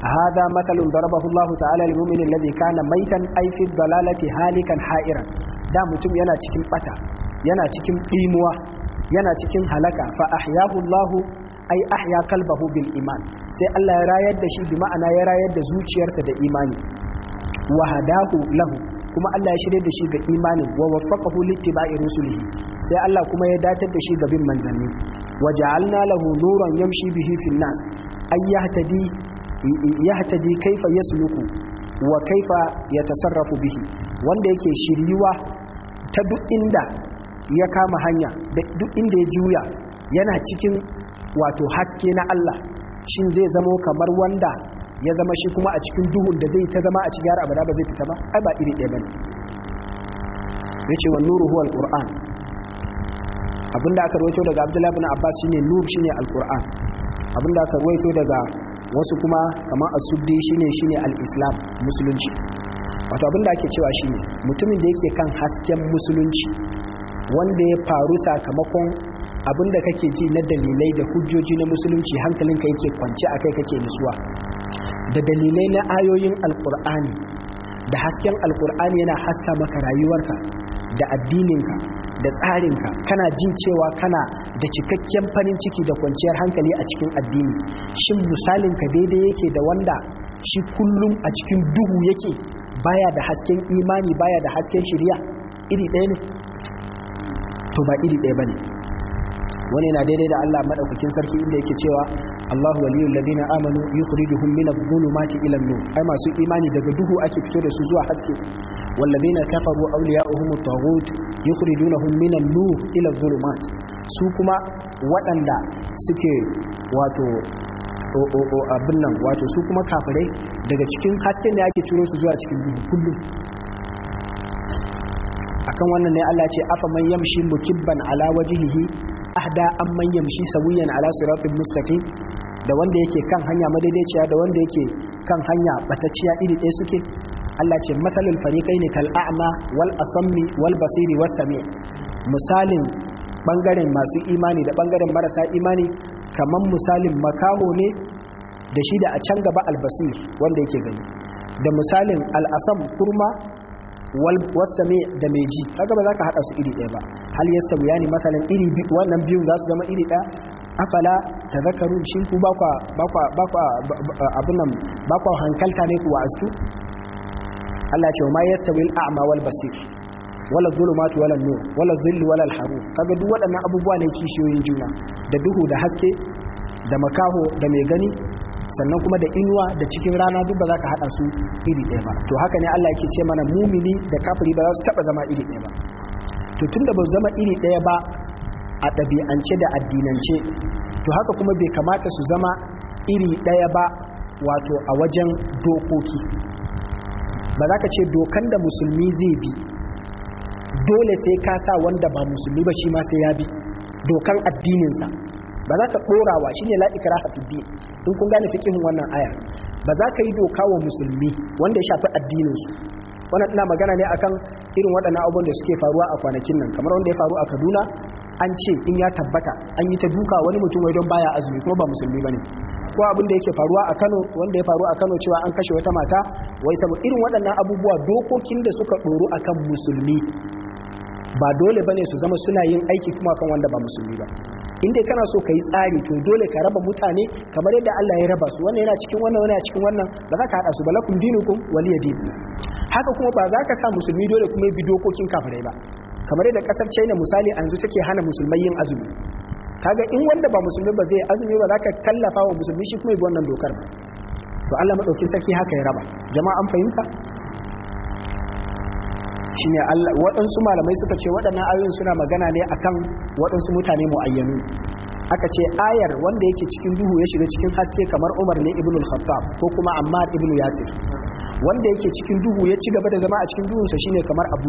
Speaker 1: hada mathalun darabahu Allah ta'ala lil mu'minin alladhi kana maitan ay fi dalalati halikan ha'iran da mutum yana cikin bata yana cikin ɗimuwa yana cikin halaka fa ahyahu Allah ai ahya kalbahu bil iman sai Allah ya rayar da shi bi ma'ana ya rayar da zuciyarsa da imani wa hadahu lahu kuma Allah ya shirye da shi ga imani wa waffaqahu littiba'i rusulihi sai Allah kuma ya datar da shi ga bin manzanni wa ja'alna lahu nuran yamshi bihi fil nas ay yahtadi yahtadi kaifa yasluku wa kaifa yatasarrafu bihi wanda yake shiryuwa ta duk inda ya kama hanya da duk inda ya juya yana cikin wato haske na Allah shin zai zamo kamar wanda ya zama shi kuma a cikin duhun da zai ta zama a cikin har abada ba zai fita ba ai ba iri ɗaya bane yace wa nuru huwa alquran abinda aka rawaito daga Abdullahi ibn Abbas shine nur shine alquran abinda aka rawaito daga wasu kuma kamar as-suddi shine shine al-islam musulunci wato abinda ake cewa shine mutumin da yake kan hasken musulunci wanda ya faru sakamakon Abin da kake ji na dalilai da hujjoji na musulunci hankalinka yake kwance kai kake nutsuwa da dalilai na ayoyin alkur'ani da hasken alkur'ani yana haska maka rayuwarka da addininka da tsarinka kana jin cewa kana da cikakken farin ciki da kwanciyar hankali a cikin addini shin misalinka daidai yake da wanda shi kullum a cikin duhu yake baya da hasken imani baya da hasken shirya iri ɗaya ne to ba iri ɗaya ba ne wani na daidai da Allah madaukakin sarki inda yake cewa Allahu waliyul ladina amanu yukhrijuhum minadh dhulumati ila an-nur ai masu imani daga duhu ake fito da su zuwa haske wal ladina kafaru awliya'uhum at-taghut yukhrijunahum minan nur ila adh-dhulumat su kuma waɗanda suke wato abin nan wato su kuma kafirai daga cikin haske ne ake ciro su zuwa cikin duhu kullum akan wannan ne Allah ce afa man yamshi mukibban ala wajhihi ahda manyan yamshi sawiyan ala siratin mustaqim da wanda yake kan hanya madaidaiciya da wanda yake kan hanya batacciya iri ɗaya suke Allah ce masalul fariqai ne kal a'ma wal asammi wal basiri was sami misalin bangaren masu imani da bangaren marasa imani Kamar misalin makaho ne da shi da a can gaba albasir wanda yake gani da misalin al'asam kurma wasami da mai ji kaga ba za ka haɗa su iri ɗaya ba hal yasta ne masalan iri wannan biyun za su zama iri ɗaya afala ta zakaru shi ku bakwa bakwa abin nan bakwa hankalta ne ku wa'astu Allah ce ma yasta al-a'ma wal basir wala zulumatu wala nur wala zillu wala haru kaga duk waɗannan abubuwa ne kishiyoyin juna da duhu da haske da makaho da mai gani sannan kuma da inuwa da cikin rana duk ba za ka haɗa su iri ɗaya ba to haka ne Allah yake ce mana mumini da kafiri ba za su taɓa zama iri ɗaya ba to tunda ba zama iri ɗaya ba a ɗabi'ance da addinance to haka kuma bai kamata su zama iri ɗaya ba wato a wajen dokoki ba za ka ce dokan da musulmi zai bi dole sai ka sa wanda ba musulmi ba shi ma sai ya bi dokan addininsa ba za ka dora shi ne la ikraha in kun gane fikin wannan aya ba za ka yi doka wa musulmi wanda ya shafi addininsu. wannan ina magana ne akan irin waɗannan abubuwan da suke faruwa a kwanakin nan kamar wanda ya faru a Kaduna an ce in ya tabbata an yi ta duka wani mutum wai don baya azumi kuma ba musulmi bane ko abin da yake faruwa a Kano wanda ya faru a Kano cewa an kashe wata mata wai saboda irin waɗannan abubuwa dokokin da suka ɗoru akan musulmi ba dole ne su zama suna yin aiki kuma kan wanda ba musulmi ba inda kana so ka yi tsari to dole ka raba mutane kamar yadda Allah ya raba su wannan yana cikin wannan wannan yana cikin wannan ba za ka haɗa su ba lakum dinukum waliya haka kuma ba za ka sa musulmi dole kuma bi dokokin kafirai ba kamar yadda kasar China misali yanzu take hana musulmai yin azumi kaga in wanda ba musulmi ba zai azumi ba za ka tallafa wa musulmi shi kuma bi wannan dokar ba to Allah madaukin sarki haka ya raba jama'a an fahimta shine Allah waɗansu malamai suka ce waɗannan ayoyin suna magana ne akan waɗansu mutane muayyanu aka ce ayar wanda yake cikin duhu ya shiga cikin haske kamar Umar ne ibn al-Khattab ko kuma Ammar ibn Yasir wanda yake cikin duhu ya ci gaba da zama a cikin duhunsa shine kamar Abu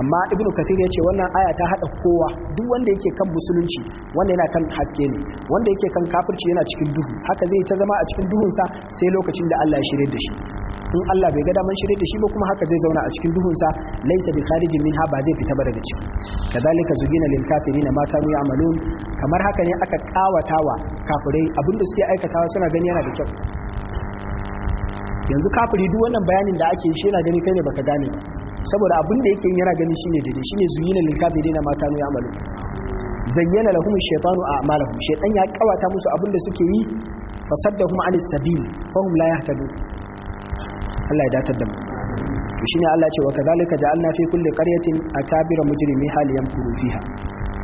Speaker 1: amma ibnu kathir ya ce wannan aya ta hada kowa duk wanda yake kan musulunci wanda yana kan haske ne wanda yake kan kafirci yana cikin duhu haka zai ta zama a cikin duhunsa sai lokacin da Allah ya shirye da shi in Allah bai ga daman shirye da shi ba kuma haka zai zauna a cikin duhunsa laisa bi kharijin minha ba zai fita ba daga ciki kadalika zugina lil kafirina ma kanu ya'malun kamar haka ne aka kawatawa kafirai abinda suke aikatawa suna gani yana da kyau yanzu kafiri duk wannan bayanin da ake shi yana gani kai ne baka gane ba saboda abin da yake yana gani shine daidai shine zuyina lil kafirina ma kanu ya'malu zayyana lahum ash-shaytanu a'malahum shaytan ya kawata musu abin da suke yi fasaddahum 'anis sabil fahum la yahtadun Allah ya datar da mu to shine Allah ce wa kadhalika ja'alna fi kulli qaryatin akabira mujrimi hal yamkuru fiha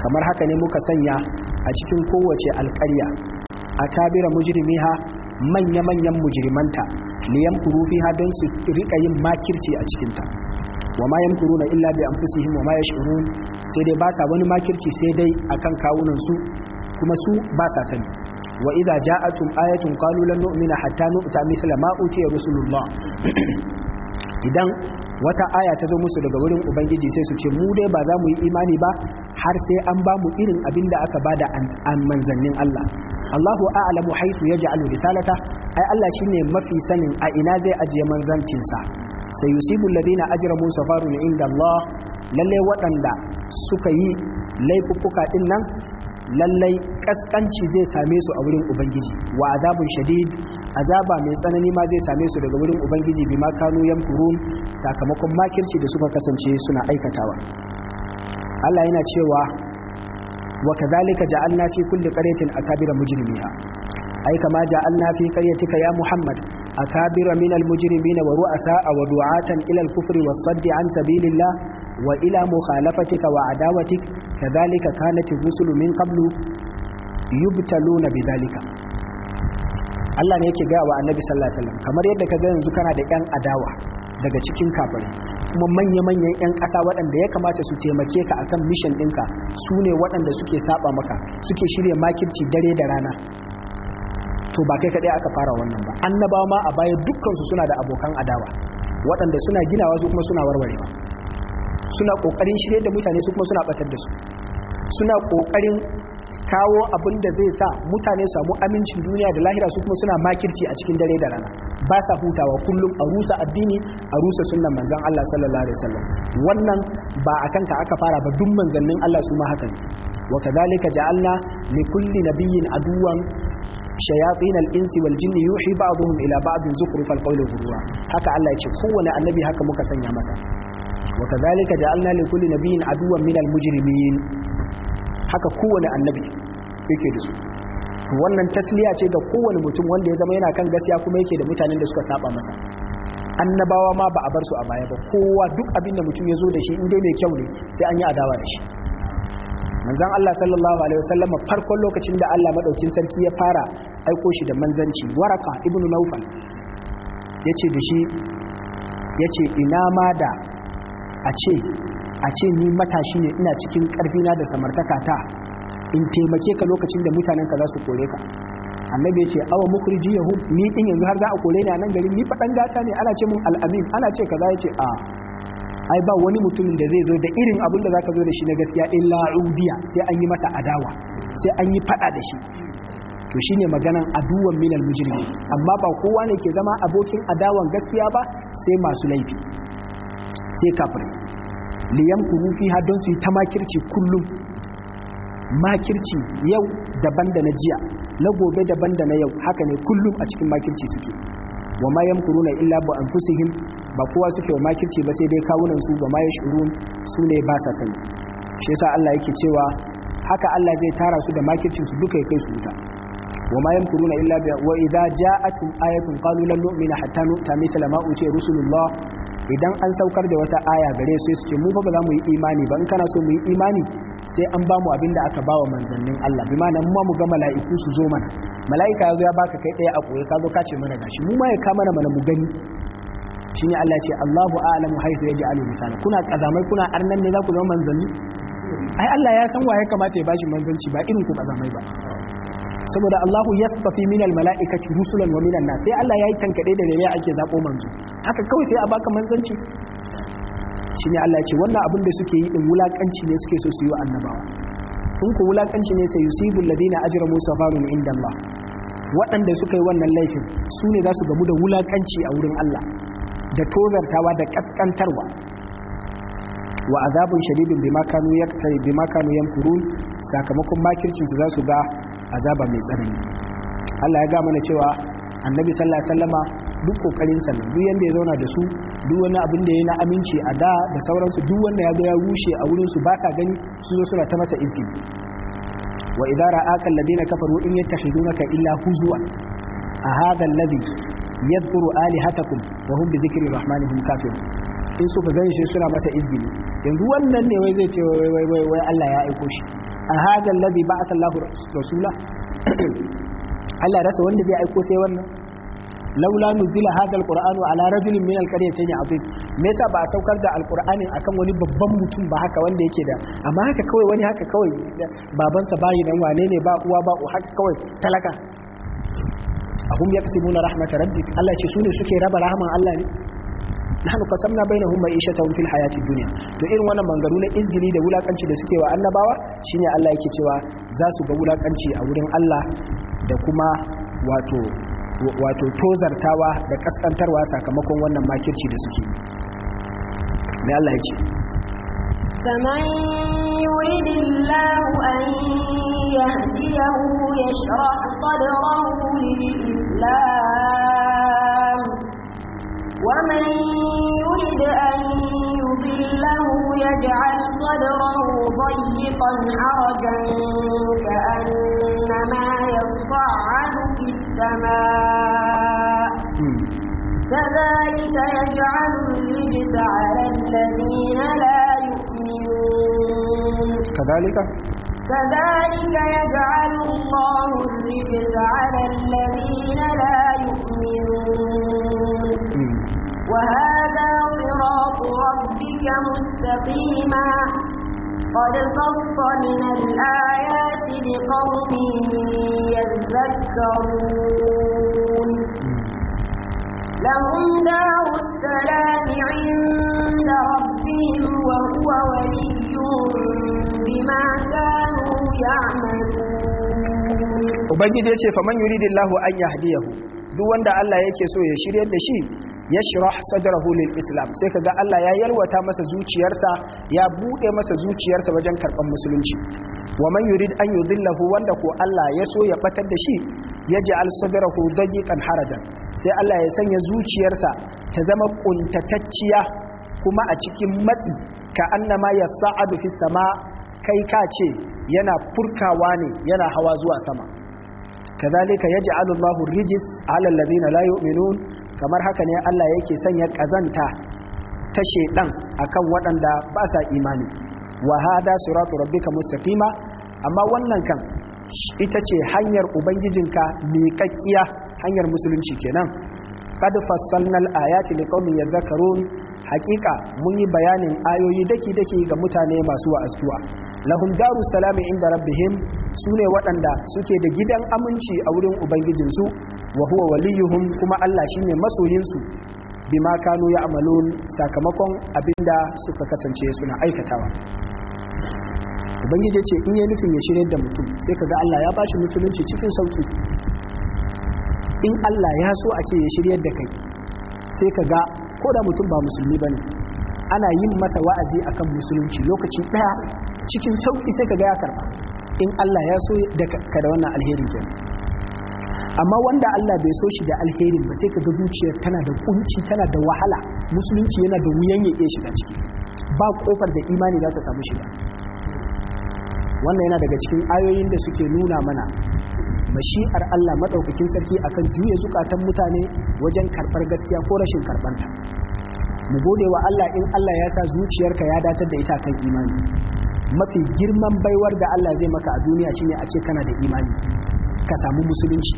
Speaker 1: kamar haka ne muka sanya a cikin kowace alƙarya akabira ha manya-manyan mujrimanta liyan fiha don su rika yin makirci a cikinta wa ma yamkuruna illa bi anfusihim wa ma yash'urun sai dai ba sa wani makirci sai dai akan kawunan su kuma su ba sa sani wa idza ja'atum ayatun qalu lan nu'mina hatta nu'ta mithla ma utiya rusulullah idan wata aya ta zo musu daga wurin ubangiji sai su ce mu dai ba za mu yi imani ba har sai an ba mu irin abin da aka bada an manzannin Allah Allahu a'lamu haythu yaj'alu risalata ai Allah shine mafi sanin a ina zai ajiye manzancinsa sai yusibu alladhina ajramu safarun inda Allah lalle waɗanda suka yi laifuffuka din nan lallai kaskanci zai same su a wurin ubangiji wa azabun shadid azaba mai tsanani ma zai same su daga wurin ubangiji bima kanu yamkurun sakamakon makirci da suka kasance suna aikatawa Allah yana cewa wa kadhalika ja'alna fi kulli qaryatin akabira mujrimiha ai kama ja'alna fi qaryatika ya muhammad أكابر من المجرمين ورؤساء ودعاة إلى الكفر والصد عن سبيل الله وإلى مخالفتك وعداوتك كذلك كانت الرسل من قبل يبتلون بذلك Allah ne yake gawa annabi sallallahu alaihi wasallam kamar yadda ka ga yanzu kana da ƴan adawa daga cikin kafirai kuma manya-manyan ƴan ƙasa waɗanda ya kamata su taimake ka akan mission ɗinka su ne waɗanda suke saba maka suke shirya makirci dare da rana to ba kai kaɗai aka fara wannan ba annabawa ma a baya dukkansu suna da abokan adawa waɗanda suna ginawa su kuma suna warwarewa suna ƙoƙarin shirye da mutane su kuma suna ɓatar da su suna ƙoƙarin kawo abin da zai sa mutane samu amincin duniya da lahira su kuma suna makirci a cikin dare da rana ba sa hutawa kullum a rusa addini a rusa sunnan manzon Allah sallallahu alaihi wasallam wannan ba akan ka aka fara ba duk manzannin Allah su ma haka ne wa kadhalika ja'alna li kulli nabiyyin aduwan shayatin al-insi yuhi ba ila ba'dhin zukuru qawli ghurura haka Allah ya ce kowane annabi haka muka sanya masa wa da ja'alna li na nabiyyin aduwwan minal mujrimin haka kowane annabi yake da su wannan tasliya ce ga kowane mutum wanda ya zama yana kan gaskiya kuma yake da mutanen da suka saba masa annabawa ma ba a bar su a baya ba kowa duk abin da mutum ya zo da shi inda mai kyau ne sai an yi adawa da shi manzon Allah sallallahu alaihi wasallam farkon lokacin da Allah maɗaukin sarki ya fara aiko shi da manzanci waraka ibnu ya yace da shi yace ina ma da a ce a ce ni matashi ne ina cikin ƙarfina da samartaka ta in taimake ka lokacin da mutanen ka za su kore ka annabi ya ce awa mukhriji yahu ni din yanzu har za a kore ni a nan garin ni fadan gata ne ana ce mun al ana ce kaza yace a ai ba wani mutumin da zai zo da irin abin da zaka zo da shi na gaskiya illa udiya sai an yi masa adawa sai an yi fada da shi to shine maganan aduwan minal mujrimin amma ba kowa ne ke zama abokin adawan gaskiya ba sai masu laifi sai kafir liyam kurufi fi don su yi ta makirci kullum makirci yau daban da na jiya na gobe daban da na yau haka ne kullum a cikin makirci suke wa ma kuruna illa bi anfusihim ba kowa suke wa makirci ba sai dai kawunan su ba ma ya shurun su ne ba sa sani shi yasa Allah yake cewa haka Allah zai tara su da makircin su duka ya kai su wuta wa ma yamkuruna illa bi wa idza ja'atum ayatun qalu lan nu'mina hatta nu'ta mithla ma utiya rusulullah idan an saukar da wata aya gare su su ce mu fa ba za mu yi imani ba in kana so mu yi imani sai an ba mu abin da aka ba wa manzannin Allah bi ma'ana mu mu ga mala'iku su zo mana mala'ika ya zo ya baka kai ɗaya a koyi ka zo ka ce mana gashi mu ma ya ka mana mana mu gani ne Allah ce Allahu a'lamu haythu yaj'alu risala kuna kazamai kuna arnan ne za ku zama manzanni ai Allah ya san wa ya kamata ya bashi manzanci ba irin ku kazamai ba saboda Allahu yasfafi min almalaikati rusulan wa minan nas sai Allah yayi tankade da dare ake zabo manzo haka kawai sai a baka manzanci ne Allah ce wannan abin da suke yi din wulakanci ne suke so su yi wa annabawa in ku wulakanci ne sai yusibul ladina ajramu safarun inda Allah waɗanda suka yi wannan laifin su ne za su gamu da wulakanci a wurin Allah da tozartawa da kaskantarwa wa azabun shadidin bima kanu yaktari bima kanu yamkurun sakamakon makircin su zasu ga azaba mai tsanani Allah ya ga mana cewa annabi sallallahu alaihi wasallama duk kokarin sa duk yanda ya zauna da su duk wani abin da yayi na aminci a da da sauransu duk wanda ya ga ya rushe a wurin su ba sa gani su zo suna ta masa izini wa idara aqal ladina kafaru in yattakhidunaka illa huzwa a hadha alladhi yadhkuru alihatakum wa hum bi dhikri rahmanihim kafirun in suka gani shi suna mata izini, yanzu wannan ne wai zai ce wai wai wai wai Allah ya aiko shi a hadha alladhi ba'atha Allahu rasula Allah rasa wanda zai aiko sai wannan laula nuzila hadha alqur'anu ala rajulin min alqaryatayn azim me yasa ba a saukar da alqur'anin akan wani babban mutum ba haka wanda yake da amma haka kawai wani haka kawai babansa bayi nan wane ne ba uwa ba haka kawai talaka ahum yaqsimuna rahmat rabbik Allah ce sune suke raba rahman Allah ne nahnu qasamna bainahum ta fil hayati duniya. to irin wannan mangaru na izgili da wulakanci da suke wa annabawa shine Allah yake cewa za su ga wulakanci a wurin Allah da kuma wato wato tozartawa da kaskantarwa sakamakon wannan makirci da suke ne Allah ya ce
Speaker 2: فمن يرد الله أن يهديه يشرح صدره للإسلام ومن يرد أن يضله يجعل صدره ضيقا حرجا كأنما يصعد في السماء كذلك يجعل الرجس على الذين لا كذلك كذلك يجعل الله الرجل على الذين لا يؤمنون وهذا صراط ربك مستقيما قد فصلنا الآيات لقوم يذكرون لهم دار Ubangiji
Speaker 1: ya ce وبنجد يتي فمن يريد الله أن duk wanda Allah yake so ya shiryar da shi ya shirah sadrahu lil islam sai kaga Allah ya yalwata masa zuciyarta, ya bude masa zuciyarsa wajen karban musulunci wa man yurid an yudillahu wanda ko Allah ya so ya batar da shi ya ja'al sadrahu daqiqan harajan sai Allah ya sanya zuciyarsa ta zama kuntatacciya kuma a cikin matsi ka annama yas'adu fis sama kai ka ce yana furkawa ne yana hawa zuwa sama kazalika yaj'alu Allahu rijis 'ala alladhina la yu'minun kamar haka ne Allah yake sanya kazanta ta shedan akan waɗanda ba sa imani wa hada siratu rabbika mustaqima amma wannan kan ita ce hanyar ubangijinka miƙaƙƙiya hanyar musulunci kenan qad fassalna al-ayati liqaumin yadhakkarun hakika mun yi bayanin ayoyi daki-daki ga mutane masu wa'astuwa lahum daru salami inda rabbihim su ne waɗanda suke da gidan aminci a wurin ubangijinsu wa huwa waliyuhum kuma Allah shine masoyinsu bima kanu ya'malun sakamakon abinda suka kasance suna aikatawa ubangiji ce in ya nufin ya shirye da mutum sai kaga Allah ya bashi musulunci cikin sauki in Allah ya so a ce ya shirye da kai sai kaga ko da mutum ba musulmi ne ana yin masa wa'azi a kan musulunci lokaci ɗaya cikin sauki sai ka ya karba in Allah ya so ka da wannan alherin kenan amma wanda Allah bai so shi da alherin ba sai ka kaga zuciyar tana da ƙunci tana da wahala musulunci yana da wuyan yake shiga ciki ba kofar da imani za ta samu shiga wannan yana daga cikin ayoyin da suke nuna mana mashi'ar Allah madaukakin sarki akan juye zukatan mutane wajen karbar gaskiya ko rashin karbanta mu gode wa Allah in Allah ya sa zuciyarka ya datar da ita kan imani mafi girman baiwar da Allah zai maka a duniya shine a ce kana da imani ka samu musulunci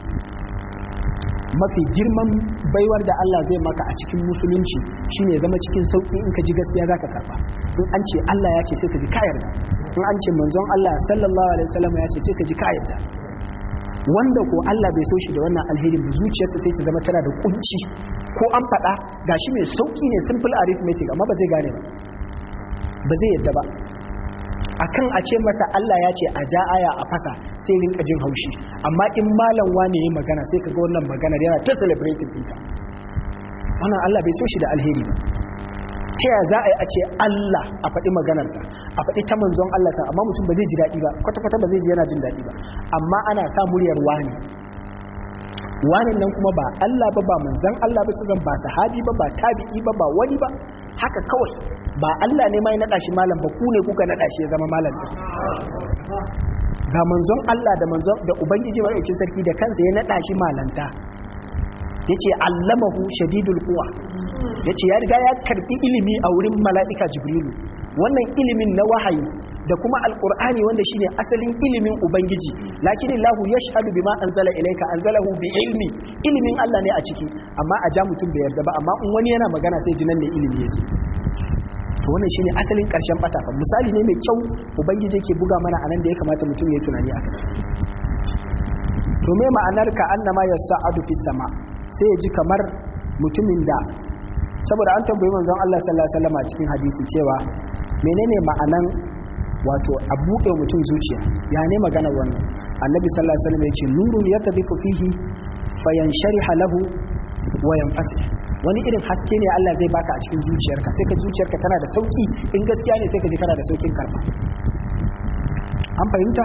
Speaker 1: mafi girman baiwar da Allah zai maka a cikin musulunci shine zama cikin sauki in ka ji gaskiya zaka karba in an ce Allah ya ce sai ka ji ka yarda in an ce manzon Allah sallallahu alaihi wasallam ya ce sai ka ji ka yarda wanda ko Allah bai so shi da wannan alheri da zuciyarsa sai ta zama tana da kunci ko an faɗa gashi mai sauki ne simple arithmetic amma ba zai gane ba ba zai yadda ba akan a ce masa Allah ya ce a ja aya a fasa sai rinka jin haushi amma in malam wane yayi magana sai kaga wannan magana yana ta celebrating ɗinka wannan Allah bai so shi da alheri ba ta yaya za a yi a ce Allah a faɗi maganarsa a faɗi ta manzon Allah sa amma mutum ba zai ji daɗi ba kwata-kwata ba zai ji yana jin daɗi ba amma ana sa muryar wani wani nan kuma ba Allah ba ba manzon Allah ba zan ba sahabi ba ba tabi'i ba ba wani ba haka kawai ba Allah ne ma ya naɗa shi malam ba ku ne kuka naɗa shi ya zama malam ga manzon Allah da manzon da ubangiji madaukakin sarki da kansa ya naɗa shi malanta yace allamahu shadidul quwa ya ce ya riga ya karbi ilimi a wurin mala'ika jibrilu wannan ilimin na wahayi da kuma alkur'ani wanda shine asalin ilimin ubangiji lakin lahu yashhadu bima anzala ilayka anzalahu bi ilmi ilimin Allah ne a ciki amma a ja mutum bai yarda ba amma in wani yana magana sai jinan ne ilimi yake to wannan shine asalin karshen bata misali ne mai kyau ubangiji yake buga mana anan da ya kamata mutum ya tunani kai to me ma'anar ka annama yas'adu fis sama sai ya ji kamar mutumin da saboda an tambayi manzon Allah sallallahu alaihi wasallam cikin hadisi cewa menene ma'anan wato a buɗe mutum zuciya ya ne magana wannan annabi sallallahu alaihi wasallam ya ce nurun yatadifu fihi fayanshariha lahu wa yanfasi wani irin haske ne Allah zai baka a cikin zuciyarka sai ka zuciyarka tana da sauki in gaskiya ne sai ka ji kana da saukin karfa an fahimta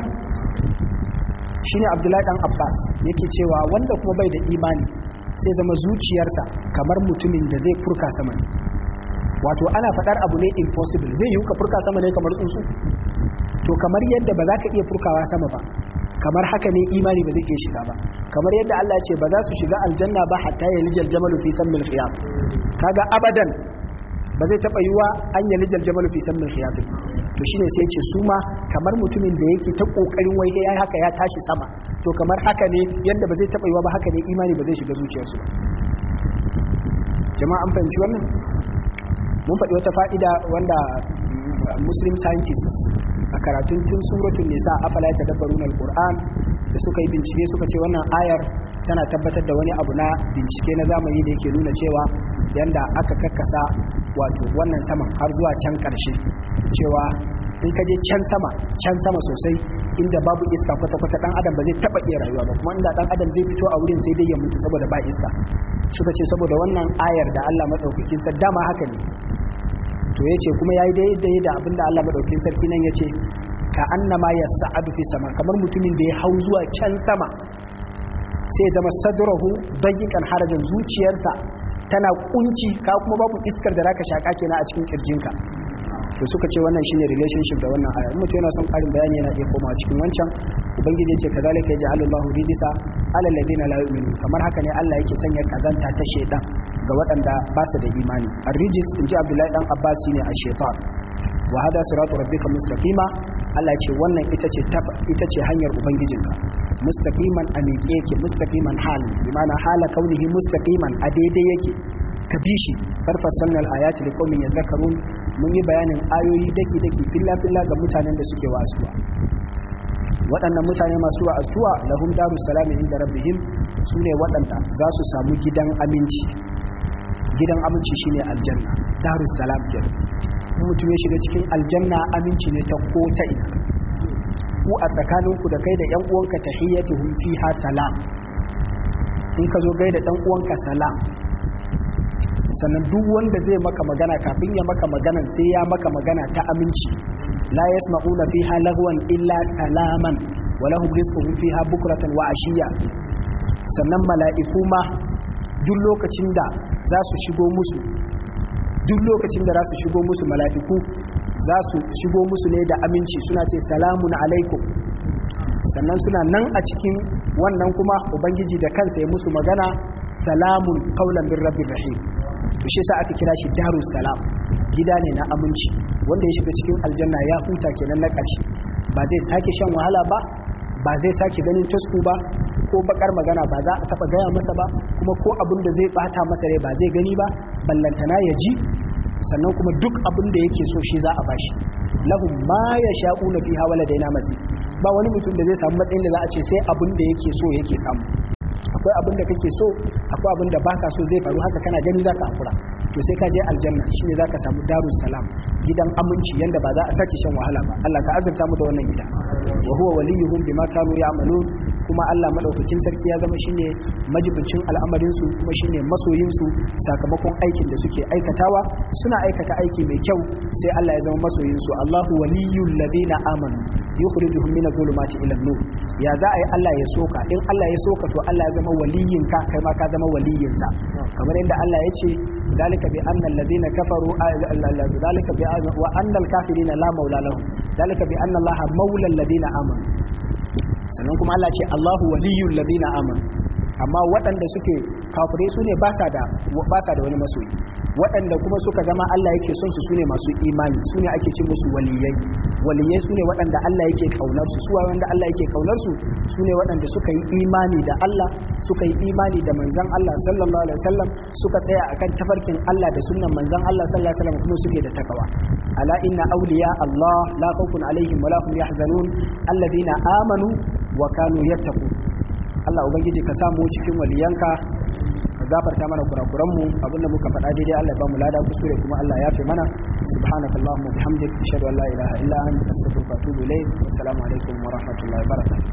Speaker 1: shine Abdullahi dan Abbas yake cewa wanda kuma bai da imani sai zama zuciyarsa kamar mutumin da zai furka sama ne wato ana faɗar abu ne impossible zai yi ka furka sama ne kamar tsuntsu to kamar yadda ba za ka iya furkawa sama ba kamar haka ne imani ba zai iya shiga ba kamar yadda Allah ya ce ba za su shiga aljanna ba hatta ya lijal jamalu fi sammil khiyam kaga abadan ba zai taba yiwa an ya lijal jamalu fi sammil khiyam to shine sai ce su ma kamar mutumin da yake ta kokarin wai ya haka ya tashi sama to kamar haka ne yadda ba zai taba yiwa ba haka ne imani ba zai shiga zuciyarsu ba jama'a an fahimci wannan mun faɗi wata fa'ida wanda muslim scientists a karatun tun suratul nisa afala ta dabbaruna alquran da suka yi bincike suka ce wannan ayar tana tabbatar da wani abu na bincike na zamani da yake nuna cewa yanda aka kakasa wato wannan saman har zuwa can ƙarshe cewa in ka je can sama can sama sosai inda babu iska kwata-kwata dan adam ba zai taba iya rayuwa ba kuma inda dan adam zai fito a wurin sai dai ya mutu saboda ba iska suka ce saboda wannan ayar da Allah madaukakin sa dama haka ne to yace kuma yayi daidai da abinda Allah madaukakin sarki nan yace ka annama sa'adu fi sama kamar mutumin da ya hau zuwa can sama sai ya zama sadrahu dayiqan harajin zuciyarsa tana kunci ka kuma babu iskar da zaka shaka kenan a cikin kirjinka to suka ce wannan shine relationship da wannan aya mutum yana son karin bayani yana iya koma cikin wancan ubangiji yace kazalika yaj'alullahu rijisa ala alladhina la yu'minu kamar haka ne Allah yake sanya kazanta ta shaytan ga waɗanda ba su da imani arrijis inji Abdullahi dan Abbas shine a shaytan wa hada siratu rabbika mustaqima Allah ce wannan ita ce ita ce hanyar ubangijinka mustaqiman a miƙe yake mustaqiman hal bi hala kaunihi mustaqiman a daidai yake ka bi shi farfar sannan ayati da kaumin yadhakarun mun yi bayanin ayoyi daki daki filla filla ga mutanen da suke wasuwa waɗannan mutane masu wa'azuwa lahum daru salami inda rabbihim su ne waɗanda za su samu gidan aminci gidan aminci shine aljanna daru salam kenan mutum ya shiga cikin aljanna aminci ne ta ko ta ina ku a tsakaninku da kai da yan uwanka tahiyyatuhum ha salam in ka zo gaida ɗan uwanka salam sannan duk wanda zai maka magana kafin ya maka magana sai ya maka magana ta aminci la yasma'una fi lagwan illa salaman wa lahum rizquhum ha bukratan wa ashiya sannan mala'iku ma duk lokacin da za su shigo musu duk lokacin da za su shigo musu mala'iku za su shigo musu ne da aminci suna ce salamun alaikum sannan suna nan a cikin wannan kuma ubangiji da kansa ya musu magana salamun kaulan bin rabbi rahim to shi sa aka kira shi darus salam gida ne na aminci wanda ya shiga cikin aljanna ya huta kenan na ƙarshe ba zai sake shan wahala ba ba zai sake ganin tasku ba ko bakar magana ba za a taba gaya masa ba kuma ko abin da zai bata masa ne ba zai gani ba ballantana ya ji sannan kuma duk abin da yake so shi za a bashi lahum ma yasha'una fiha wala na masi ba wani mutum da zai samu matsayin da za a ce sai abin da yake so yake samu akwai abin da kake so akwai abin da baka so zai faru haka kana gani zaka hakura to sai ka je aljanna shine zaka samu darus salam gidan aminci yanda ba za a sace shan wahala ba Allah ka azurta mu da wannan gida wa huwa waliyuhum bima kanu ya'malun kuma Allah madaukakin sarki ya zama shine majibincin al'amarin su kuma shine masoyin su sakamakon aikin da suke aikatawa suna aikata aiki mai kyau sai Allah ya zama masoyin su Allahu waliyul ladina amanu yukhrijuhum minadh dhulumati ila nur ya za a Allah ya soka in Allah ya soka to Allah ya zama waliyin ka kai ma ka zama waliyin sa kamar yadda Allah ya ce bi ذلك بأن الذين كفروا ذلك بأن وأن la لا مولى لهم bi بأن الله مولى الذين آمنوا sannan kuma Allah ce Allahu waliyul ladina amanu amma waɗanda suke kafire su ne ba sa da wani masoyi waɗanda kuma suka zama Allah yake son su sune masu imani sune ake ce musu waliyai waliyai sune waɗanda Allah yake kaunar su suwa wanda Allah yake kaunar su sune waɗanda suka yi imani da Allah suka yi imani da manzon Allah sallallahu alaihi wasallam suka tsaya akan tafarkin Allah da sunnan manzon Allah sallallahu alaihi wasallam kuma suke da takawa ala inna awliya Allah la khawfun alaihim wa la hum yahzanun alladhina amanu wa kanu yattaqun Allah ubangiji ka samu cikin waliyanka gafarta mana kurakuran mu abinda muka faɗa daidai Allah ya ba lada kuskure kuma Allah ya fi mana subhanakallahumma bihamdika ashhadu an la ilaha illa anta astaghfiruka wa atubu ilayk assalamu alaikum wa rahmatullahi wa barakatuh